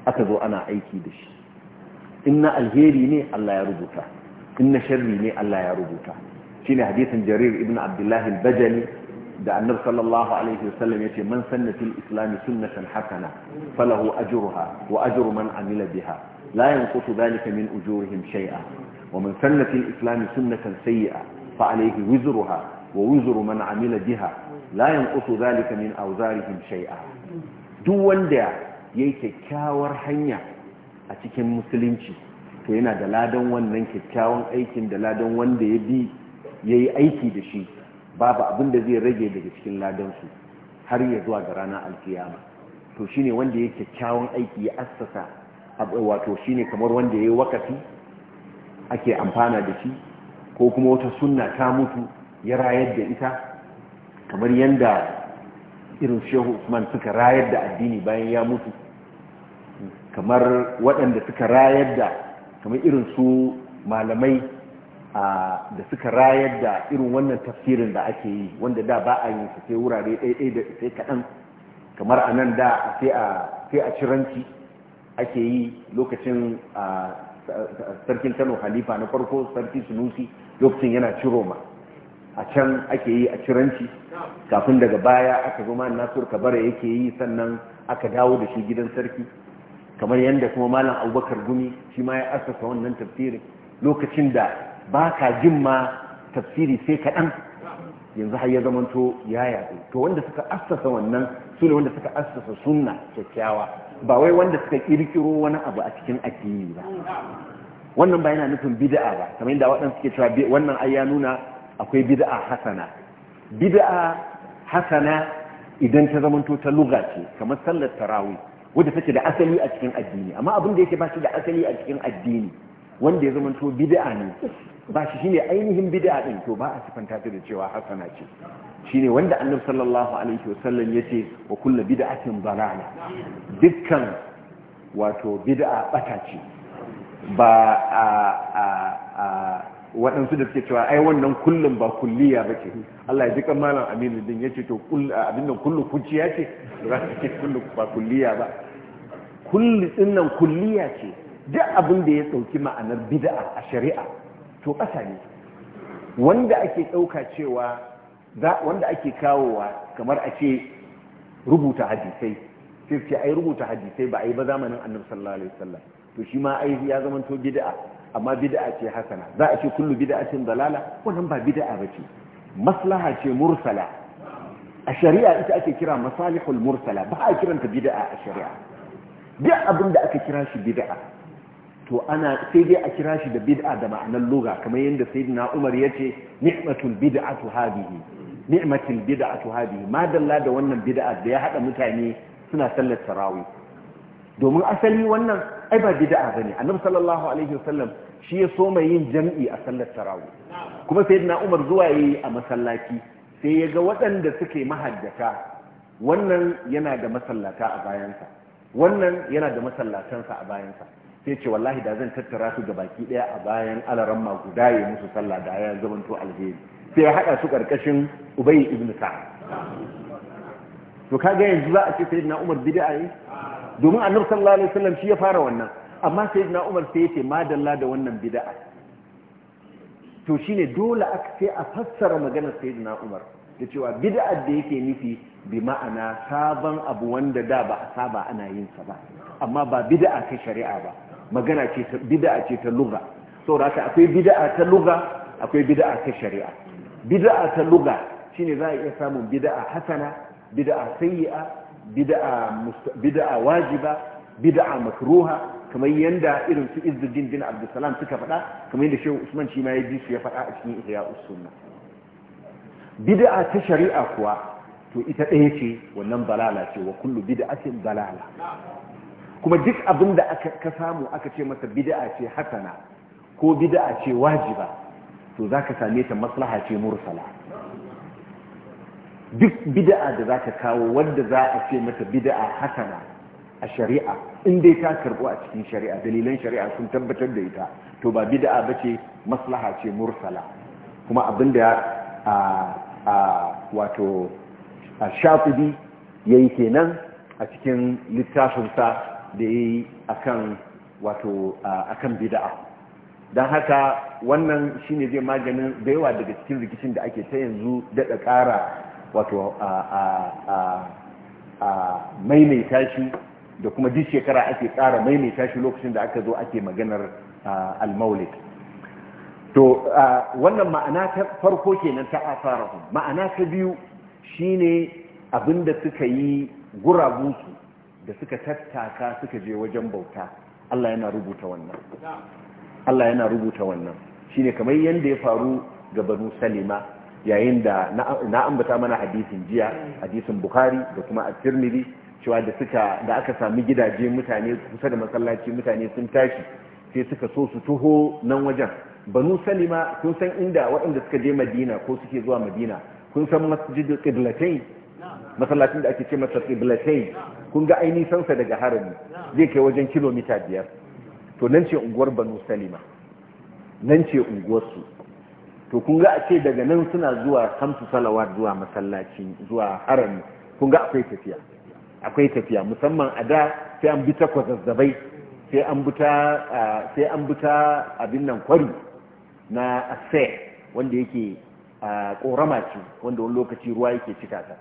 aka zo ana aiki da shi in na alheri ne Allah ya rubuta in na sharri ne Allah ya rubuta shine hadisin jarir ibn abdullahi al-bajali da annabi sallallahu alaihi wasallam yace man sanna fil islam sunnatan hasana falahu ajruha wa ajru man amila biha la yanqutu dhalika min ujurihim shay'a wa man sanna fil islam sunnatan sayyi'a fa alayhi wizruha wa wizru man amila biha la yanqutu dhalika min awzarihim shay'a duk wanda yayi kyakkyawar hanya a cikin musulunci to yana da ladan wannan kyakkyawan aikin da ladan wanda ya bi ya yi aiki da shi babu abin da zai rage daga cikin ladansu har ya zuwa ga ranar alkiyama to shine wanda ya kyakkyawan aiki ya assasa wato shine kamar wanda ya yi wakafi ake amfana da shi ko kuma wata sunna ta mutu ya rayar da ita kamar yadda irin shehu usman suka rayar da addini bayan ya mutu kamar waɗanda suka rayar da kamar irin su malamai da suka rayar da irin wannan tafsirin da ake yi wanda da ba a yin su sai wurare ɗaiɗai da sai kaɗan kamar a nan da sai a ciranci ake yi lokacin sarkin kano halifa na farko sarki sunusi lokacin yana ma a can ake yi a ciranci kafin daga baya aka zo ma nasur kabara yake yi sannan aka dawo da shi gidan sarki kamar yadda kuma malam abubakar gumi shi ma ya asasa wannan tafsirin lokacin da ba ka jin ma tafsiri sai kaɗan yanzu har ya zamanto ya yaɗu to wanda suka asasa wannan su ne wanda suka asasa sunna kyakkyawa ba wai wanda suka ƙirƙiro wani abu a cikin addini ba wannan ba yana nufin bid'a ba kamar yadda waɗansu suke cewa wannan ai ya nuna akwai bid'a hasana bid'a hasana idan ta zamanto ta lugha ce kamar sallar tarawih wadda take da asali a cikin addini amma abin da yake ba shi da asali a cikin addini wanda ya zama to bid'a ne ba shi shine ainihin bid'a din to ba a sifanta ta da cewa hasana ce shine wanda annabi sallallahu alaihi wasallam yace wa kullu bid'atin dalala dukkan wato bid'a bata ce ba a a a waɗansu da suke cewa ai wannan kullum ba kulliya ba ce Allah ya ji kan malam aminu din ya ce to abin nan kullu kuciya ce za su ce kullu ba kulliya ba kullu din nan kulliya ce duk abin da ya ɗauki ma'anar bid'a a shari'a to ƙasa ne wanda ake ɗauka cewa wanda ake kawowa kamar a ce rubuta hadisai sai ce ai rubuta hadisai ba ai ba zamanin annabi sallallahu alaihi wasallam to shi ma ai ya zamanto bid'a amma bid'a ce hasana za a ce kullu bid'atin dalala wannan ba bid'a bace maslaha ce mursala a shari'a ita ake kira masalihul mursala ba a kiranta bid'a a shari'a duk abin da aka kira shi bid'a to ana sai dai a kira shi da bid'a da ma'anar luga kamar yadda sayyidina Umar yace ni'matul bid'atu hadhihi ni'matul bid'atu hadhihi ma dalla da wannan bid'a da ya hada mutane suna sallar tarawih domin asali wannan ai ba bid'a bane annabi sallallahu alaihi wasallam shi ya soma yin jam'i a sallar tarawih kuma sayyidina Umar zuwa yi a masallaci sai ya ga waɗanda suke mahaddata wannan yana da masallata a bayansa wannan yana da masallatansa a bayansa sai ce wallahi da zan tattara su baki daya a bayan alaran ma guda ya musu sallah da ya zamanto alheri sai ya haɗa su ƙarƙashin ubay ibn sa'ad to kaga yanzu za a ce sayyidina Umar bid'a yi. domin annabi sallallahu alaihi wasallam shi ya fara wannan amma sayyidina umar sai yace madalla da wannan bid'a to shine dole aka sai a fassara maganar sayyidina umar da cewa bid'ar da yake nufi bi ma'ana sabon abu wanda da ba a saba ana yin sa ba amma ba bid'a ce shari'a ba magana ce ta bid'a ce ta lugha saboda akwai bid'a ta lugha akwai bid'a ta shari'a bid'a ta lugha shine za a iya samun bid'a hasana bid'a sayyi'a bid'a wajiba bid'a makruha kamar yanda irin su Izzuddin bin Abdulsalam suka faɗa kamar da Shehu Usman shi ma ya bi su ya faɗa a cikin Ihya Usunna bid'a ta shari'a kuwa to ita ɗaya ce wannan balala ce wa kullu bid'atin balala kuma duk abin da aka ka samu aka ce masa bida'a ce hasana ko bida'a ce wajiba to zaka same ta maslaha ce mursala duk bid'a da za ka kawo wanda za a ce mata bid'a hasana a shari'a in dai ta karbo a cikin shari'a dalilan shari'a sun tabbatar da ita to ba bid'a ba ce maslaha ce mursala kuma abin da a wato a shafidi ya yi kenan a cikin littafinsa da ya yi akan wato akan bid'a don haka wannan shine zai maganin da yawa daga cikin rikicin da ake ta yanzu daɗa ƙara wato a maimaita shi da kuma duk shekara ake tsara maimaita shi lokacin da aka zo ake maganar al-maulid to wannan ma'ana ta farko kenan ta asarahum ma'ana ta biyu shine abinda suka yi gurabunsu da suka tattaka suka je wajen bauta Allah yana rubuta wannan Allah yana rubuta wannan shine kamar yanda ya faru ga Banu Salima yayin da na ambata mana hadisin jiya hadisin bukhari da kuma a tirmidhi cewa da suka da aka sami gidaje mutane kusa da masallaci mutane sun tashi sai suka so su tuho nan wajen banu salima kun san inda waɗanda suka je madina ko suke zuwa madina kun san masjidul qiblatain masallacin da ake ce masa qiblatain kun ga aini sansa daga harami zai kai wajen kilomita biyar to nan ce unguwar banu salima nan ce unguwarsu to kun ga a ce daga nan suna zuwa kamsu Salawa zuwa masallaci zuwa harami kun ga akwai tafiya akwai tafiya musamman a da sai an bi ta kwazazzabai sai an buta abin nan kwari na asse wanda yake korama ce wanda wani lokaci ruwa yake cika ta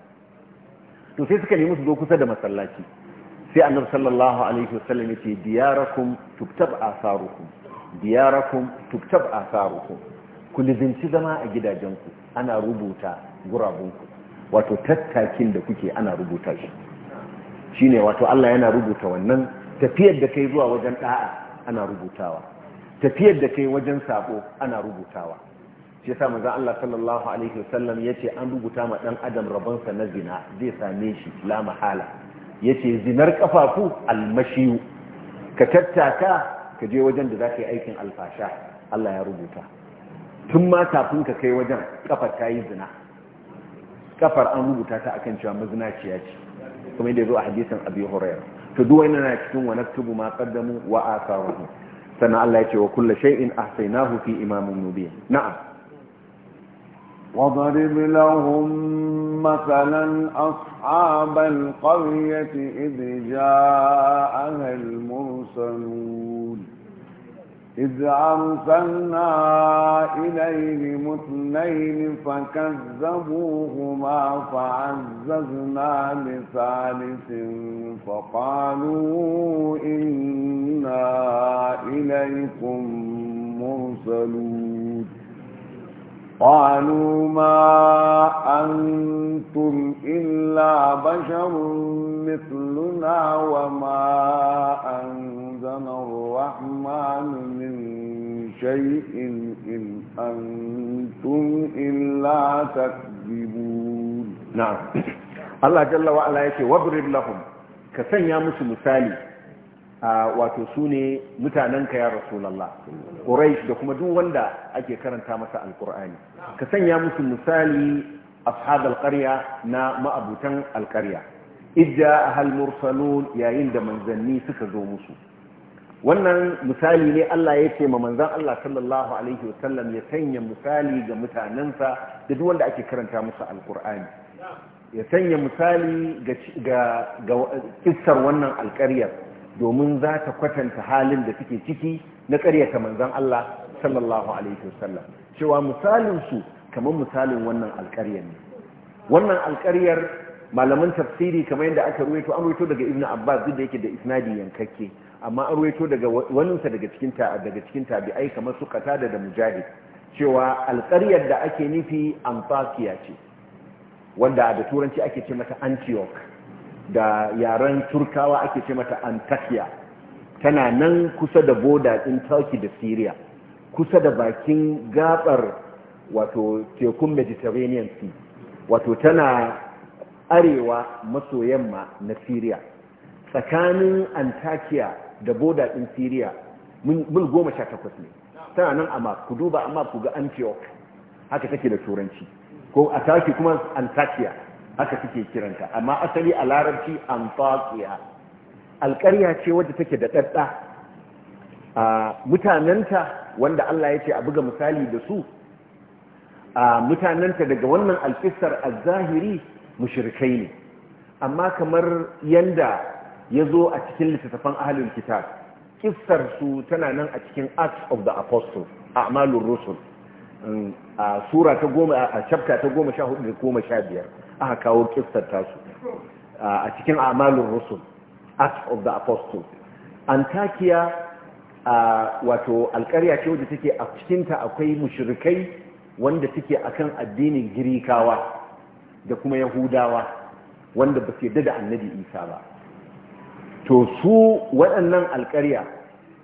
to sai suka nemi su zo kusa da masallaci sai annabi sallallahu alaihi wasallam yace diyarakum tuktab asarukum diyarakum tuktab asarukum ku lizinci zama a gidajenku ana rubuta gurabunku wato tattakin da kuke ana rubuta shi ne wato Allah yana rubuta wannan tafiyar da kai zuwa wajen ɗa'a ana rubutawa tafiyar da kai wajen sako ana rubutawa shi yasa manzo Allah sallallahu alaihi wasallam yace an rubuta ma dan adam rabonsa na zina zai same shi la mahala yace zinar kafafu almashiyu ka tattaka ka je wajen da zaka yi aikin alfasha Allah ya rubuta tun ma kafin ka kai wajen kafar ta yi zina kafar an rubuta ta akan cewa mazinaciya ce kuma yadda zo a hadisin abi hurairah to duk wani na cikin wa tubu ma qaddamu wa atharuhu sannan Allah ya ce wa kullu shay'in ahsaynahu fi imamin mubin na'am وضرب لهم مثلا أصحاب القرية إذ جاءها المرسلون إذ أرسلنا إليهم اثنين فكذبوهما فعززنا لثالث فقالوا إنا إليكم مرسلون قالوا ما أنتم إلا بشر مثلنا وما أنتم أنزل الرحمن من شيء إن أنتم إلا تكذبون نعم الله جل وعلا يكي واضرب لهم كسن يا مسلم wato sune ne mutanenka ya rasulallah ƙuraish da kuma duk wanda ake karanta masa alƙur'ani ka sanya musu misali ashab alƙarya na ma'abutan alƙarya idda ahal mursalun yayin da manzanni suka zo musu wannan misali ne Allah ya ce ma manzon Allah sallallahu alaihi wasallam ya sanya misali ga mutanensa da duk wanda ake karanta musu alkur'ani ya sanya misali ga kissar wannan alƙaryar domin za ta kwatanta halin da suke ciki na ƙaryata manzon Allah sallallahu alaihi wasallam cewa misalin su kamar misalin wannan alƙaryar ne wannan alƙaryar malaman tafsiri kamar yadda aka ruwaito an ruwaito daga Ibn abbas duk da yake da isnadi yankakke amma an ruwaito daga waninsa daga cikin daga cikin tabi'ai kamar su qatada da mujahid cewa alqaryar da ake nufi amfakiya ce wanda da turanci ake ce mata antioch da yaren turkawa ake ce mata antakya tana nan kusa da boda din turkey da syria kusa da bakin gabar wato tekun mediterranean sea wato tana arewa maso yamma na syria tsakanin antakya da boda in Syria mil goma sha takwas ne tana nan a ku duba amma ku ga Antioch haka take da turanci ko a taki kuma Antakya haka take kiranta amma asali a larabci Antakya alƙarya ce wadda take da ɗaɗɗa a mutanenta wanda Allah ya ce a buga misali da su a mutanenta daga wannan alfisar a zahiri mushirikai ne amma kamar yanda ya zo a cikin littattafan ahalin kitab kissar su tana nan a cikin acts of the apostles amalin rusul mm, a sura ta goma a chapter ta goma sha hudu da goma sha biyar aka kawo kissar tasu a cikin a'malur rusul acts of the apostles antakiya wato alƙarya ce wadda take a cikinta akwai mushrikai wanda take akan addinin girikawa da kuma yahudawa wanda ba su yadda da annabi isa ba to su waɗannan alƙarya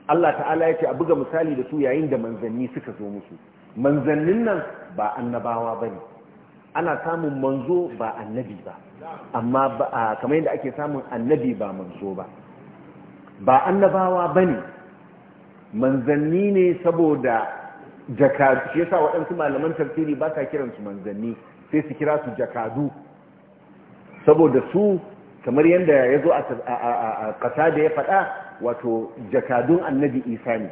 Allah ta'ala ya ce a buga misali da su yayin da manzanni suka zo musu manzannin nan ba annabawa ba ne ana samun manzo ba annabi ba amma kamar yadda ake samun annabi ba manzo ba ba annabawa ba ne manzanni ne saboda jakadu shi yasa waɗansu malaman tafsiri ba sa kiransu manzanni sai su kira su jakadu saboda su kamar yadda ya zo a ƙasa da ya faɗa wato jakadun annabi isa ne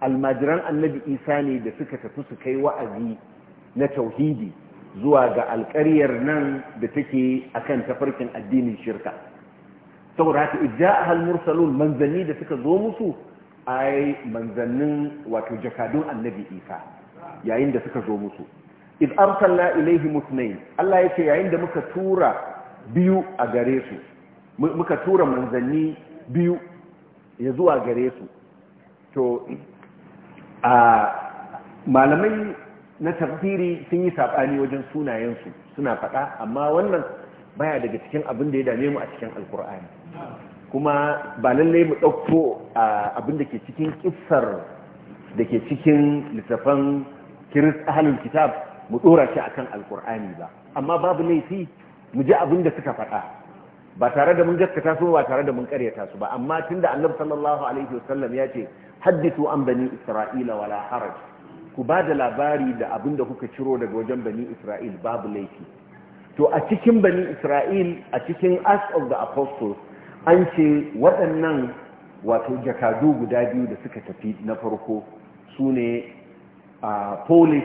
almajiran annabi isa ne da suka tafi su kai wa'azi na tauhidi zuwa ga alƙaryar nan da take kan tafarkin addinin shirka saboda haka a halmur salon manzanni da suka zo musu ai manzannin wato jakadun annabi isa yayin da suka zo musu iz arsalna ilayhi musnayn Allah ce yayin da muka tura biyu a gare su muka tura manzanni biyu ya zuwa gare su to a malamai na tafsiri sun yi saɓani wajen sunayensu suna faɗa amma wannan baya daga cikin abin da ya dame mu a cikin alkur'ani kuma ba lallai mu ɗauko abin da ke cikin kissar da ke cikin littafan kiris ahalin kitab mu ɗora shi akan alkur'ani ba amma babu laifi mu ji abin da suka faɗa ba tare da mun gaskata su ba tare da mun karyata su ba amma tunda annabi sallallahu alaihi wasallam ya ce hadithu an bani isra'ila wala haraj ku ba da labari da abin da kuka ciro daga wajen bani isra'il babu laifi to a cikin bani isra'il a cikin acts of the apostles an ce waɗannan wato jakadu guda biyu da suka tafi na farko su ne ah, polis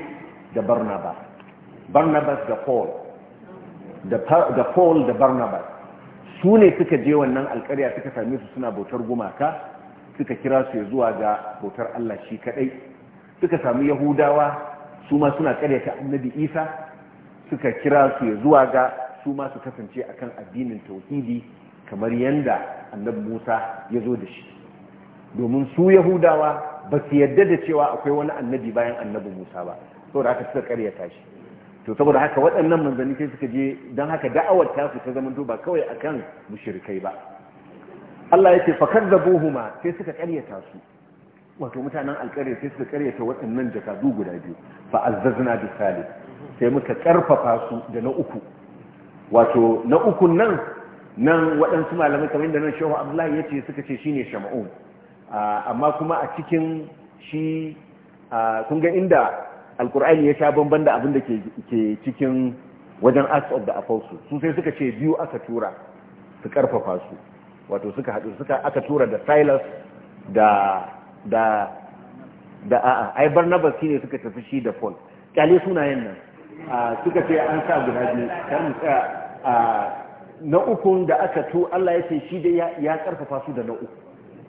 da barnabas barnabas da paul da paul da barnabas su ne suka je wannan alkarya suka same su suna bautar gumaka suka kira su ya zuwa ga bautar allah shi kadai suka sami yahudawa su ma suna karyata annabi isa suka kira su ya zuwa ga su ma su kasance akan addinin tauhidi kamar yadda annabi musa ya zo da shi domin su yahudawa ba su yadda da cewa akwai wani annabi bayan annabi musa ba saboda aka suka karyata shi to saboda haka waɗannan manzanni sai suka je don haka da'awar ta su ta zamanto ba kawai akan mushirikai ba Allah ya ce fakar buhuma sai suka karyata su wato mutanen alkarya sai suka karyata waɗannan jakadu guda biyu fa na da sale sai muka karfafa su da na uku wato na uku nan nan waɗansu malamai kamar da nan shehu abdullahi ya ce suka ce shine shama'un ah, amma kuma a cikin shi ah, kun ga inda alkur'ani ya sha bamban da abin da ke cikin wajen acts of the apostles su sai suka ce biyu aka tura su karfafa su wato suka haɗu suka aka tura da silas da da da a'a ai barnabas shine suka tafi shi da paul kyale sunayen nan suka ce an sa guda biyu kan na ukun da aka tu Allah ya ce shi dai ya karfafa su da na uku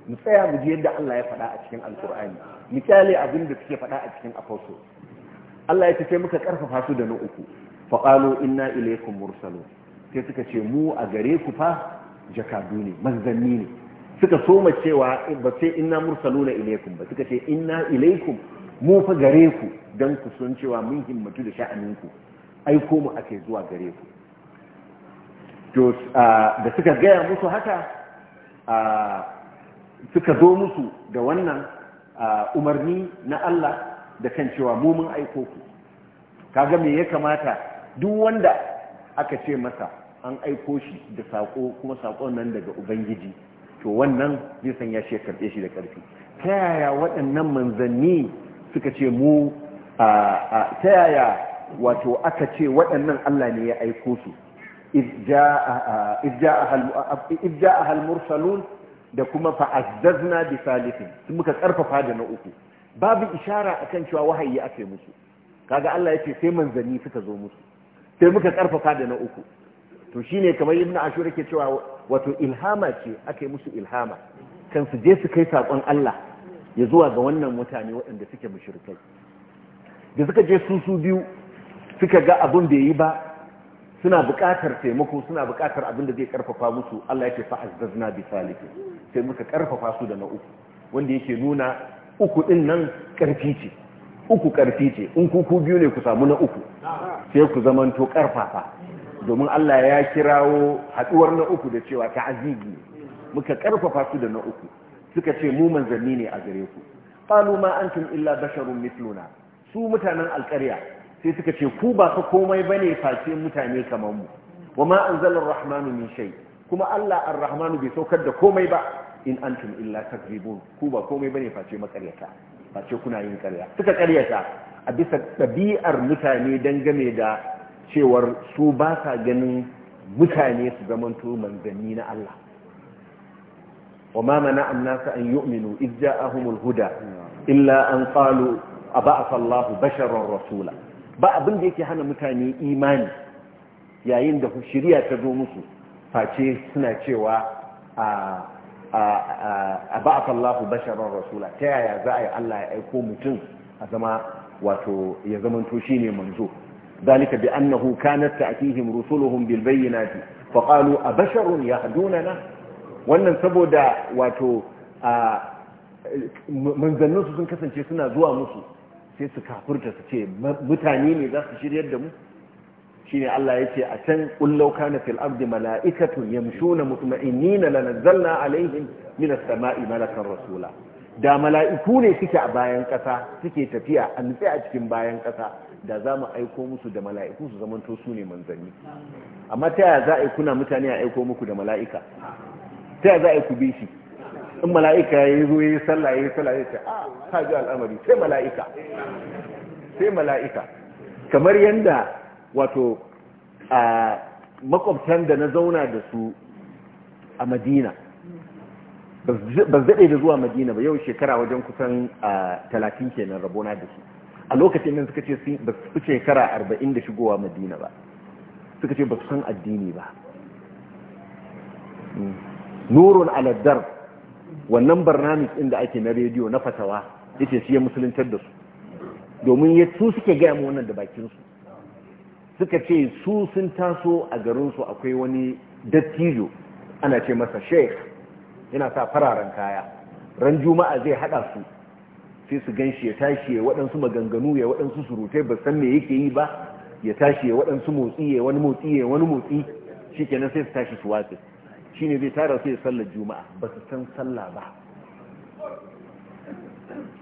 mu tsaya mu ji yadda Allah ya faɗa a cikin alkur'ani misali abin da suke faɗa a cikin apostles Allah ya ce sai muka karfafa su da na uku faƙalo inna ilaykum mursalu sai suka ce mu a gare ku fa jakadu ne manzanni ne suka soma cewa ba sai inna mursalu na ba suka ce inna ilaykum mu fa gare ku dan ku sun cewa mun himmatu da sha'aninku aiko mu ake zuwa gare ku to da suka gaya musu haka suka zo musu da wannan umarni na Allah da kan cewa mu mun aiko ku kaga me ya kamata duk wanda aka ce masa an aiko shi da sako kuma sakon nan daga ubangiji to wannan zai sanya shi ya karbe shi da karfi ta yaya waɗannan manzanni suka ce mu ta yaya wato aka ce waɗannan Allah ne ya aiko su idja a mursalun da kuma fa'azzazna bi salifin sun muka karfafa da na uku babu ishara a kan cewa wahayi aka yi musu kaga Allah ya ce sai manzanni suka zo musu sai muka karfafa da na uku to shine kamar ibn Ashura ke cewa wato ilhama ce aka musu ilhama kan su je su kai sakon Allah ya zuwa ga wannan mutane waɗanda suke mushrikai da suka je su su biyu suka ga abin bai yi ba suna buƙatar taimako suna buƙatar abin da zai karfafa musu Allah yake fa azzazna bi salih sai muka karfafa su da na uku wanda yake nuna uku ɗin nan karfi ce uku ƙarfi ce in kuku biyu ne ku samu na uku sai ku zamanto karfafa domin Allah ya kirawo haɗuwar na uku da cewa ta'azizi muka ƙarfafa su da na uku suka ce mu manzanni ne a gare ku qalu ma antum illa basharun mithluna su mutanen alƙarya sai suka ce ku ba ka komai bane face mutane kamar mu wa ma anzalar rahmanu min kuma Allah ar-rahmanu bai saukar da komai ba in antum illa takzibun ku ba komai bane face makaryata face kuna yin karya suka karyata a bisa ɗabi'ar mutane dangane da cewar su ba sa ganin mutane su zamanto manzanni na Allah wa ma mana annasa an yu'minu iz ja'ahumul huda illa an qalu aba'atha Allahu basharan rasula ba abin da yake hana mutane imani yayin da shiriya ta zo musu face suna cewa a ah, a ba'a Allahu basharan rasula ta yaya za a yi Allah ya aiko mutum azama zama wato ya zamanto shine manzo bi annahu ذلك بأنه كانت تأتيهم رسلهم بالبينات فقالوا أبشر na. wannan saboda wato manzanninsu sun kasance suna zuwa musu sai su kafurta su ce mutane ne za su shiryar da mu shine Allah yake a can kullau kana fil ardi malaikatu yamshuna la nazzalna alaihim min as-sama'i malakan rasula da mala'iku ne suke a bayan kasa suke tafiya a tsaya a cikin bayan kasa da za mu aiko musu da mala'iku su zamanto su ne manzanni amma ta yaya za a yi kuna mutane a aiko muku da mala'ika ta yaya za a yi ku bi shi in mala'ika ya zo ya yi sallah ya yi sallah ya ce a ah, ka ji al'amari sai mala'ika sai mala'ika kamar yadda wato a makwabtan da na zauna da su a madina ba zaɗe da zuwa madina ba yau shekara wajen kusan talatin kenan rabona da su a lokacin nan suka ce ba su shekara arba'in da shigowa madina ba suka ce ba su san addini ba hmm. nurun aladdar wannan barnamis inda ake na rediyo na fatawa yace shi ya musuluntar da su domin ya su suke gaya mu wannan da bakinsu suka ce su sun taso a garinsu akwai wani dattijo ana ce masa sheikh yana sa fararen kaya ran juma'a zai hada su sai su ganshi ya tashi ya waɗansu maganganu ya waɗansu surutai ba san me yake yi ba ya tashi ya waɗansu motsi ya wani motsi ya wani motsi shi kenan sai su tashi su shi ne zai tara su ya sallar juma'a ba su san sallah ba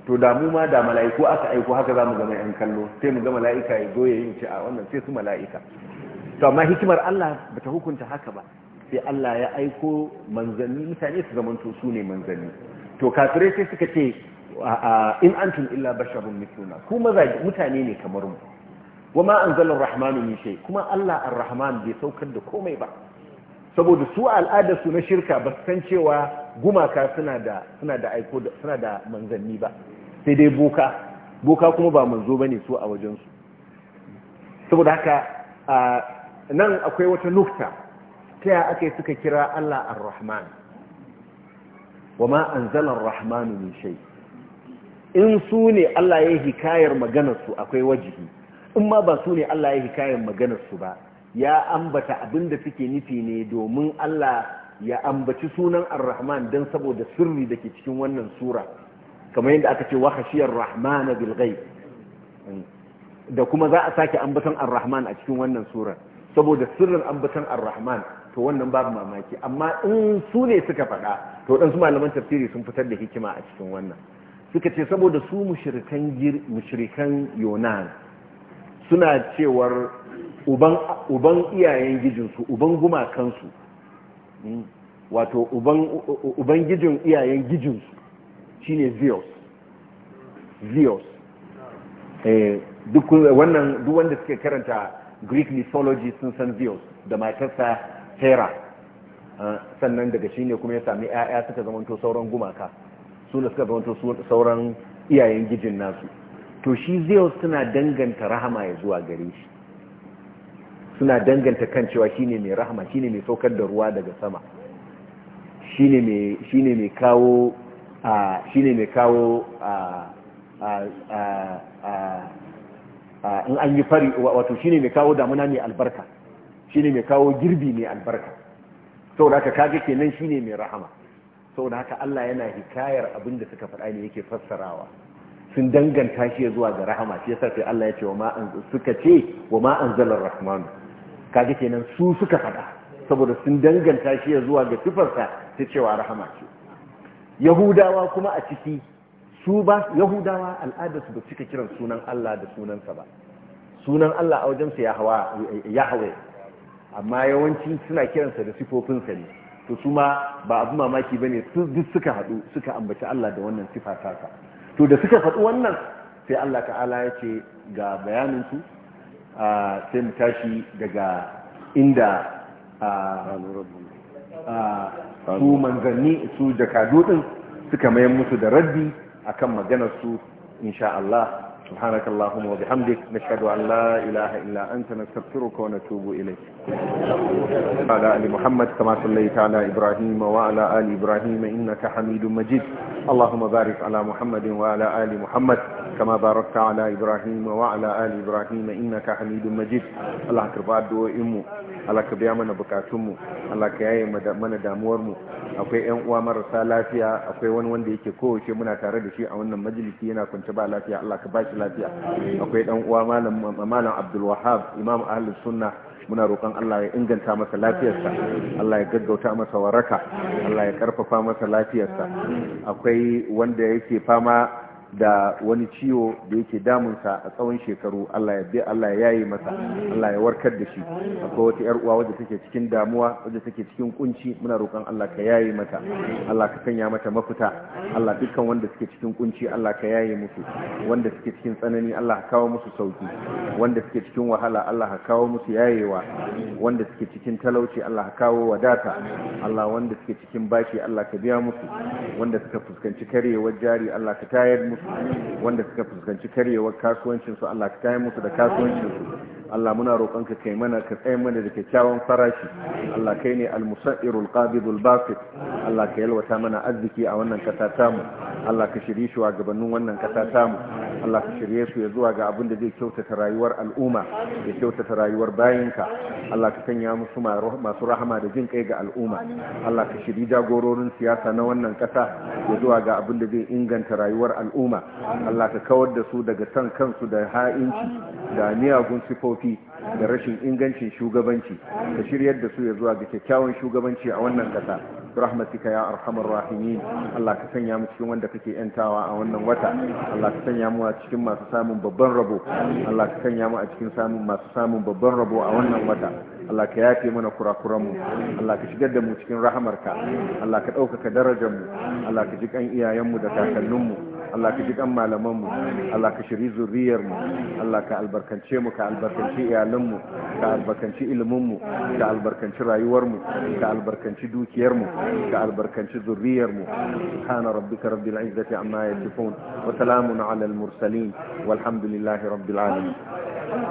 to da mu ma da mala'iku aka aiko haka za mu zama yan kallo sai mu ga mala'ika ya zo ya yi ce a wannan sai su mala'ika to amma hikimar Allah ba ta hukunta haka ba sai Allah ya aiko manzanni mutane su to su ne manzanni to kafirai sai suka ce in antum illa basharun mithluna ku maza mutane ne kamar mu wama anzala arrahmanu min shay kuma Allah arrahman bai saukar da komai ba saboda su al'ada su na shirka ba san cewa gumaka suna da suna da aiko suna da manzanni ba sai dai boka boka kuma ba manzo bane su a wajensu saboda haka nan akwai wata nukta ta ya aka suka kira Allah ar-Rahman wa ma anzala ar-Rahman min shay in su ne Allah ya hikayar maganarsu akwai wajihi in ma ba su ne Allah ya hikayar maganarsu ba ya ambata abinda suke nufi ne domin Allah ya ambaci sunan ar-Rahman dan saboda sirri dake cikin wannan sura kamar yadda aka ce wa rahmana bil da kuma za a sake ambaton ar-rahman a cikin wannan surar saboda sirrin ambaton ar-rahman to wannan babu mamaki amma in su ne suka faɗa to waɗansu malaman tafsiri sun fitar da hikima a cikin wannan suka ce saboda su mushirikan mushrikan yonan suna cewar uban iyayen gijinsu uban gumakansu hmm, wato uban gijin iyayen gijinsu shine zeus zeus eh, duk duk wanda suke karanta greek mythology sun san zeus da matarsa hera ah, sannan daga shine kuma ya sami 'ya'ya suka zamanto sauran gumaka su da suka zamanto sauran iyayen gijin nasu to shi zeus suna danganta rahama ya zuwa gare shi suna danganta kan cewa shine mai rahama shine mai saukar da ruwa daga sama shine mai kawo shi ne mai kawo in an yi fari wato shi ne mai kawo damuna mai albarka shi ne mai kawo girbi mai albarka saboda haka kage kenan shi ne mai rahama da aka Allah yana hikayar abin da suka faɗa ne yake fassarawa sun danganta shi zuwa ga rahama shi ya sai Allah ya ce wa ma suka ce wa ma anzalar rahmanu kage kenan su suka faɗa saboda sun danganta shi zuwa ga tufarsa ta cewa rahama ce yahudawa kuma a ciki su ba yahudawa al'adarsu ba suka kiran sunan Allah da sunansa ba sunan Allah a ya hawa amma yawanci suna kiransa da sifofinsa ne to su ma ba abu mamaki ba ne duk suka haɗu suka ambaci Allah da wannan sifa tasa to da suka faɗi wannan sai Allah ta'ala ya ce ga bayanin su sai mu tashi daga inda su manzanni su jakadu din suka mayan musu da raddi akan maganar su insha Allah subhanaka allahumma wa bihamdik nashhadu an la ilaha illa anta nastaghfiruka wa natubu ilayk ala ali muhammad kama sallaita ala ibrahim wa ala ali ibrahim innaka hamidum majid allahumma barik ala muhammad wa ala ali muhammad kama barakta ala ibrahim wa ala ali ibrahim innaka hamidum majid allah karba do imu Allah ka biya mana bukatunmu Allah ka yaye mana damuwarmu akwai yan uwa marasa lafiya akwai wani wanda yake kowace muna tare da shi a wannan majalisi yana kwance ba lafiya Allah ka bashi lafiya akwai dan uwa malam malam Abdul Wahhab imam ahli sunna muna roƙon Allah ya inganta masa lafiyarsa Allah ya gaggauta masa waraka Allah ya karfafa masa lafiyarsa akwai wanda yake fama da wani ciwo da yake damunsa a tsawon shekaru Allah ya bi Allah ya yaye masa Allah ya warkar da shi akwai wata yar uwa wadda take cikin damuwa wadda take cikin kunci muna roƙon Allah ka yaye mata Allah ka sanya mata mafita Allah dukkan wanda suke cikin kunci Allah ka yaye musu wanda suke cikin tsanani Allah ka kawo musu sauki wanda suke cikin wahala Allah ka kawo musu yayewa wanda suke cikin talauci Allah ka kawo wadata Allah wanda suke cikin bashi Allah ka biya musu wanda suka fuskanci karyewar jari Allah ka tayar musu wanda suka fuskanci karyewar kasuwancinsu Allah ka kayan musu da kasuwancinsu Allah muna roƙonka kai mana ka tsaye mana da kyakkyawan farashi Allah kai ne al-musairul qabidul basit Allah ka yalwata mana arziki a wannan kasa tamu Allah ka shirye shi gabanin wannan kasa tamu Allah ka shirye su ya zuwa ga abin da zai kyautata rayuwar al'umma ya kyautata rayuwar bayinka Allah ka sanya musu masu rahama da jin kai ga al'umma Allah ka shirye jagororin siyasa na wannan kasa ya zuwa ga abin da zai inganta rayuwar al'umma Allah ka kawar da su daga san kansu da ha'inci da miyagun sifofi manufofi da rashin ingancin shugabanci ka shiryar da su ya zuwa ga kyakkyawan shugabanci a wannan kasa rahmatika ya arhamar rahimin Allah ka sanya mu cikin wanda kake yantawa a wannan wata Allah ka sanya mu a cikin masu samun babban rabo Allah ka sanya mu a cikin masu samun babban rabo a wannan wata Allah ka yafe mana kurakuranmu Allah ka shigar da mu cikin rahamarka Allah ka ɗaukaka darajarmu Allah ka ji kan iyayenmu da kakanninmu Allah ka ji kan malamanmu Allah ka shiri zuriyarmu Allah ka albarkance mu ka albarkanci iyalanmu ka albarkanci iliminmu ka albarkanci rayuwarmu ka albarkanci dukiyarmu ka albarkanci zuriyarmu subhana rabbika rabbil izzati amma yasifun wa salamun ala al mursalin walhamdulillahi rabbil alamin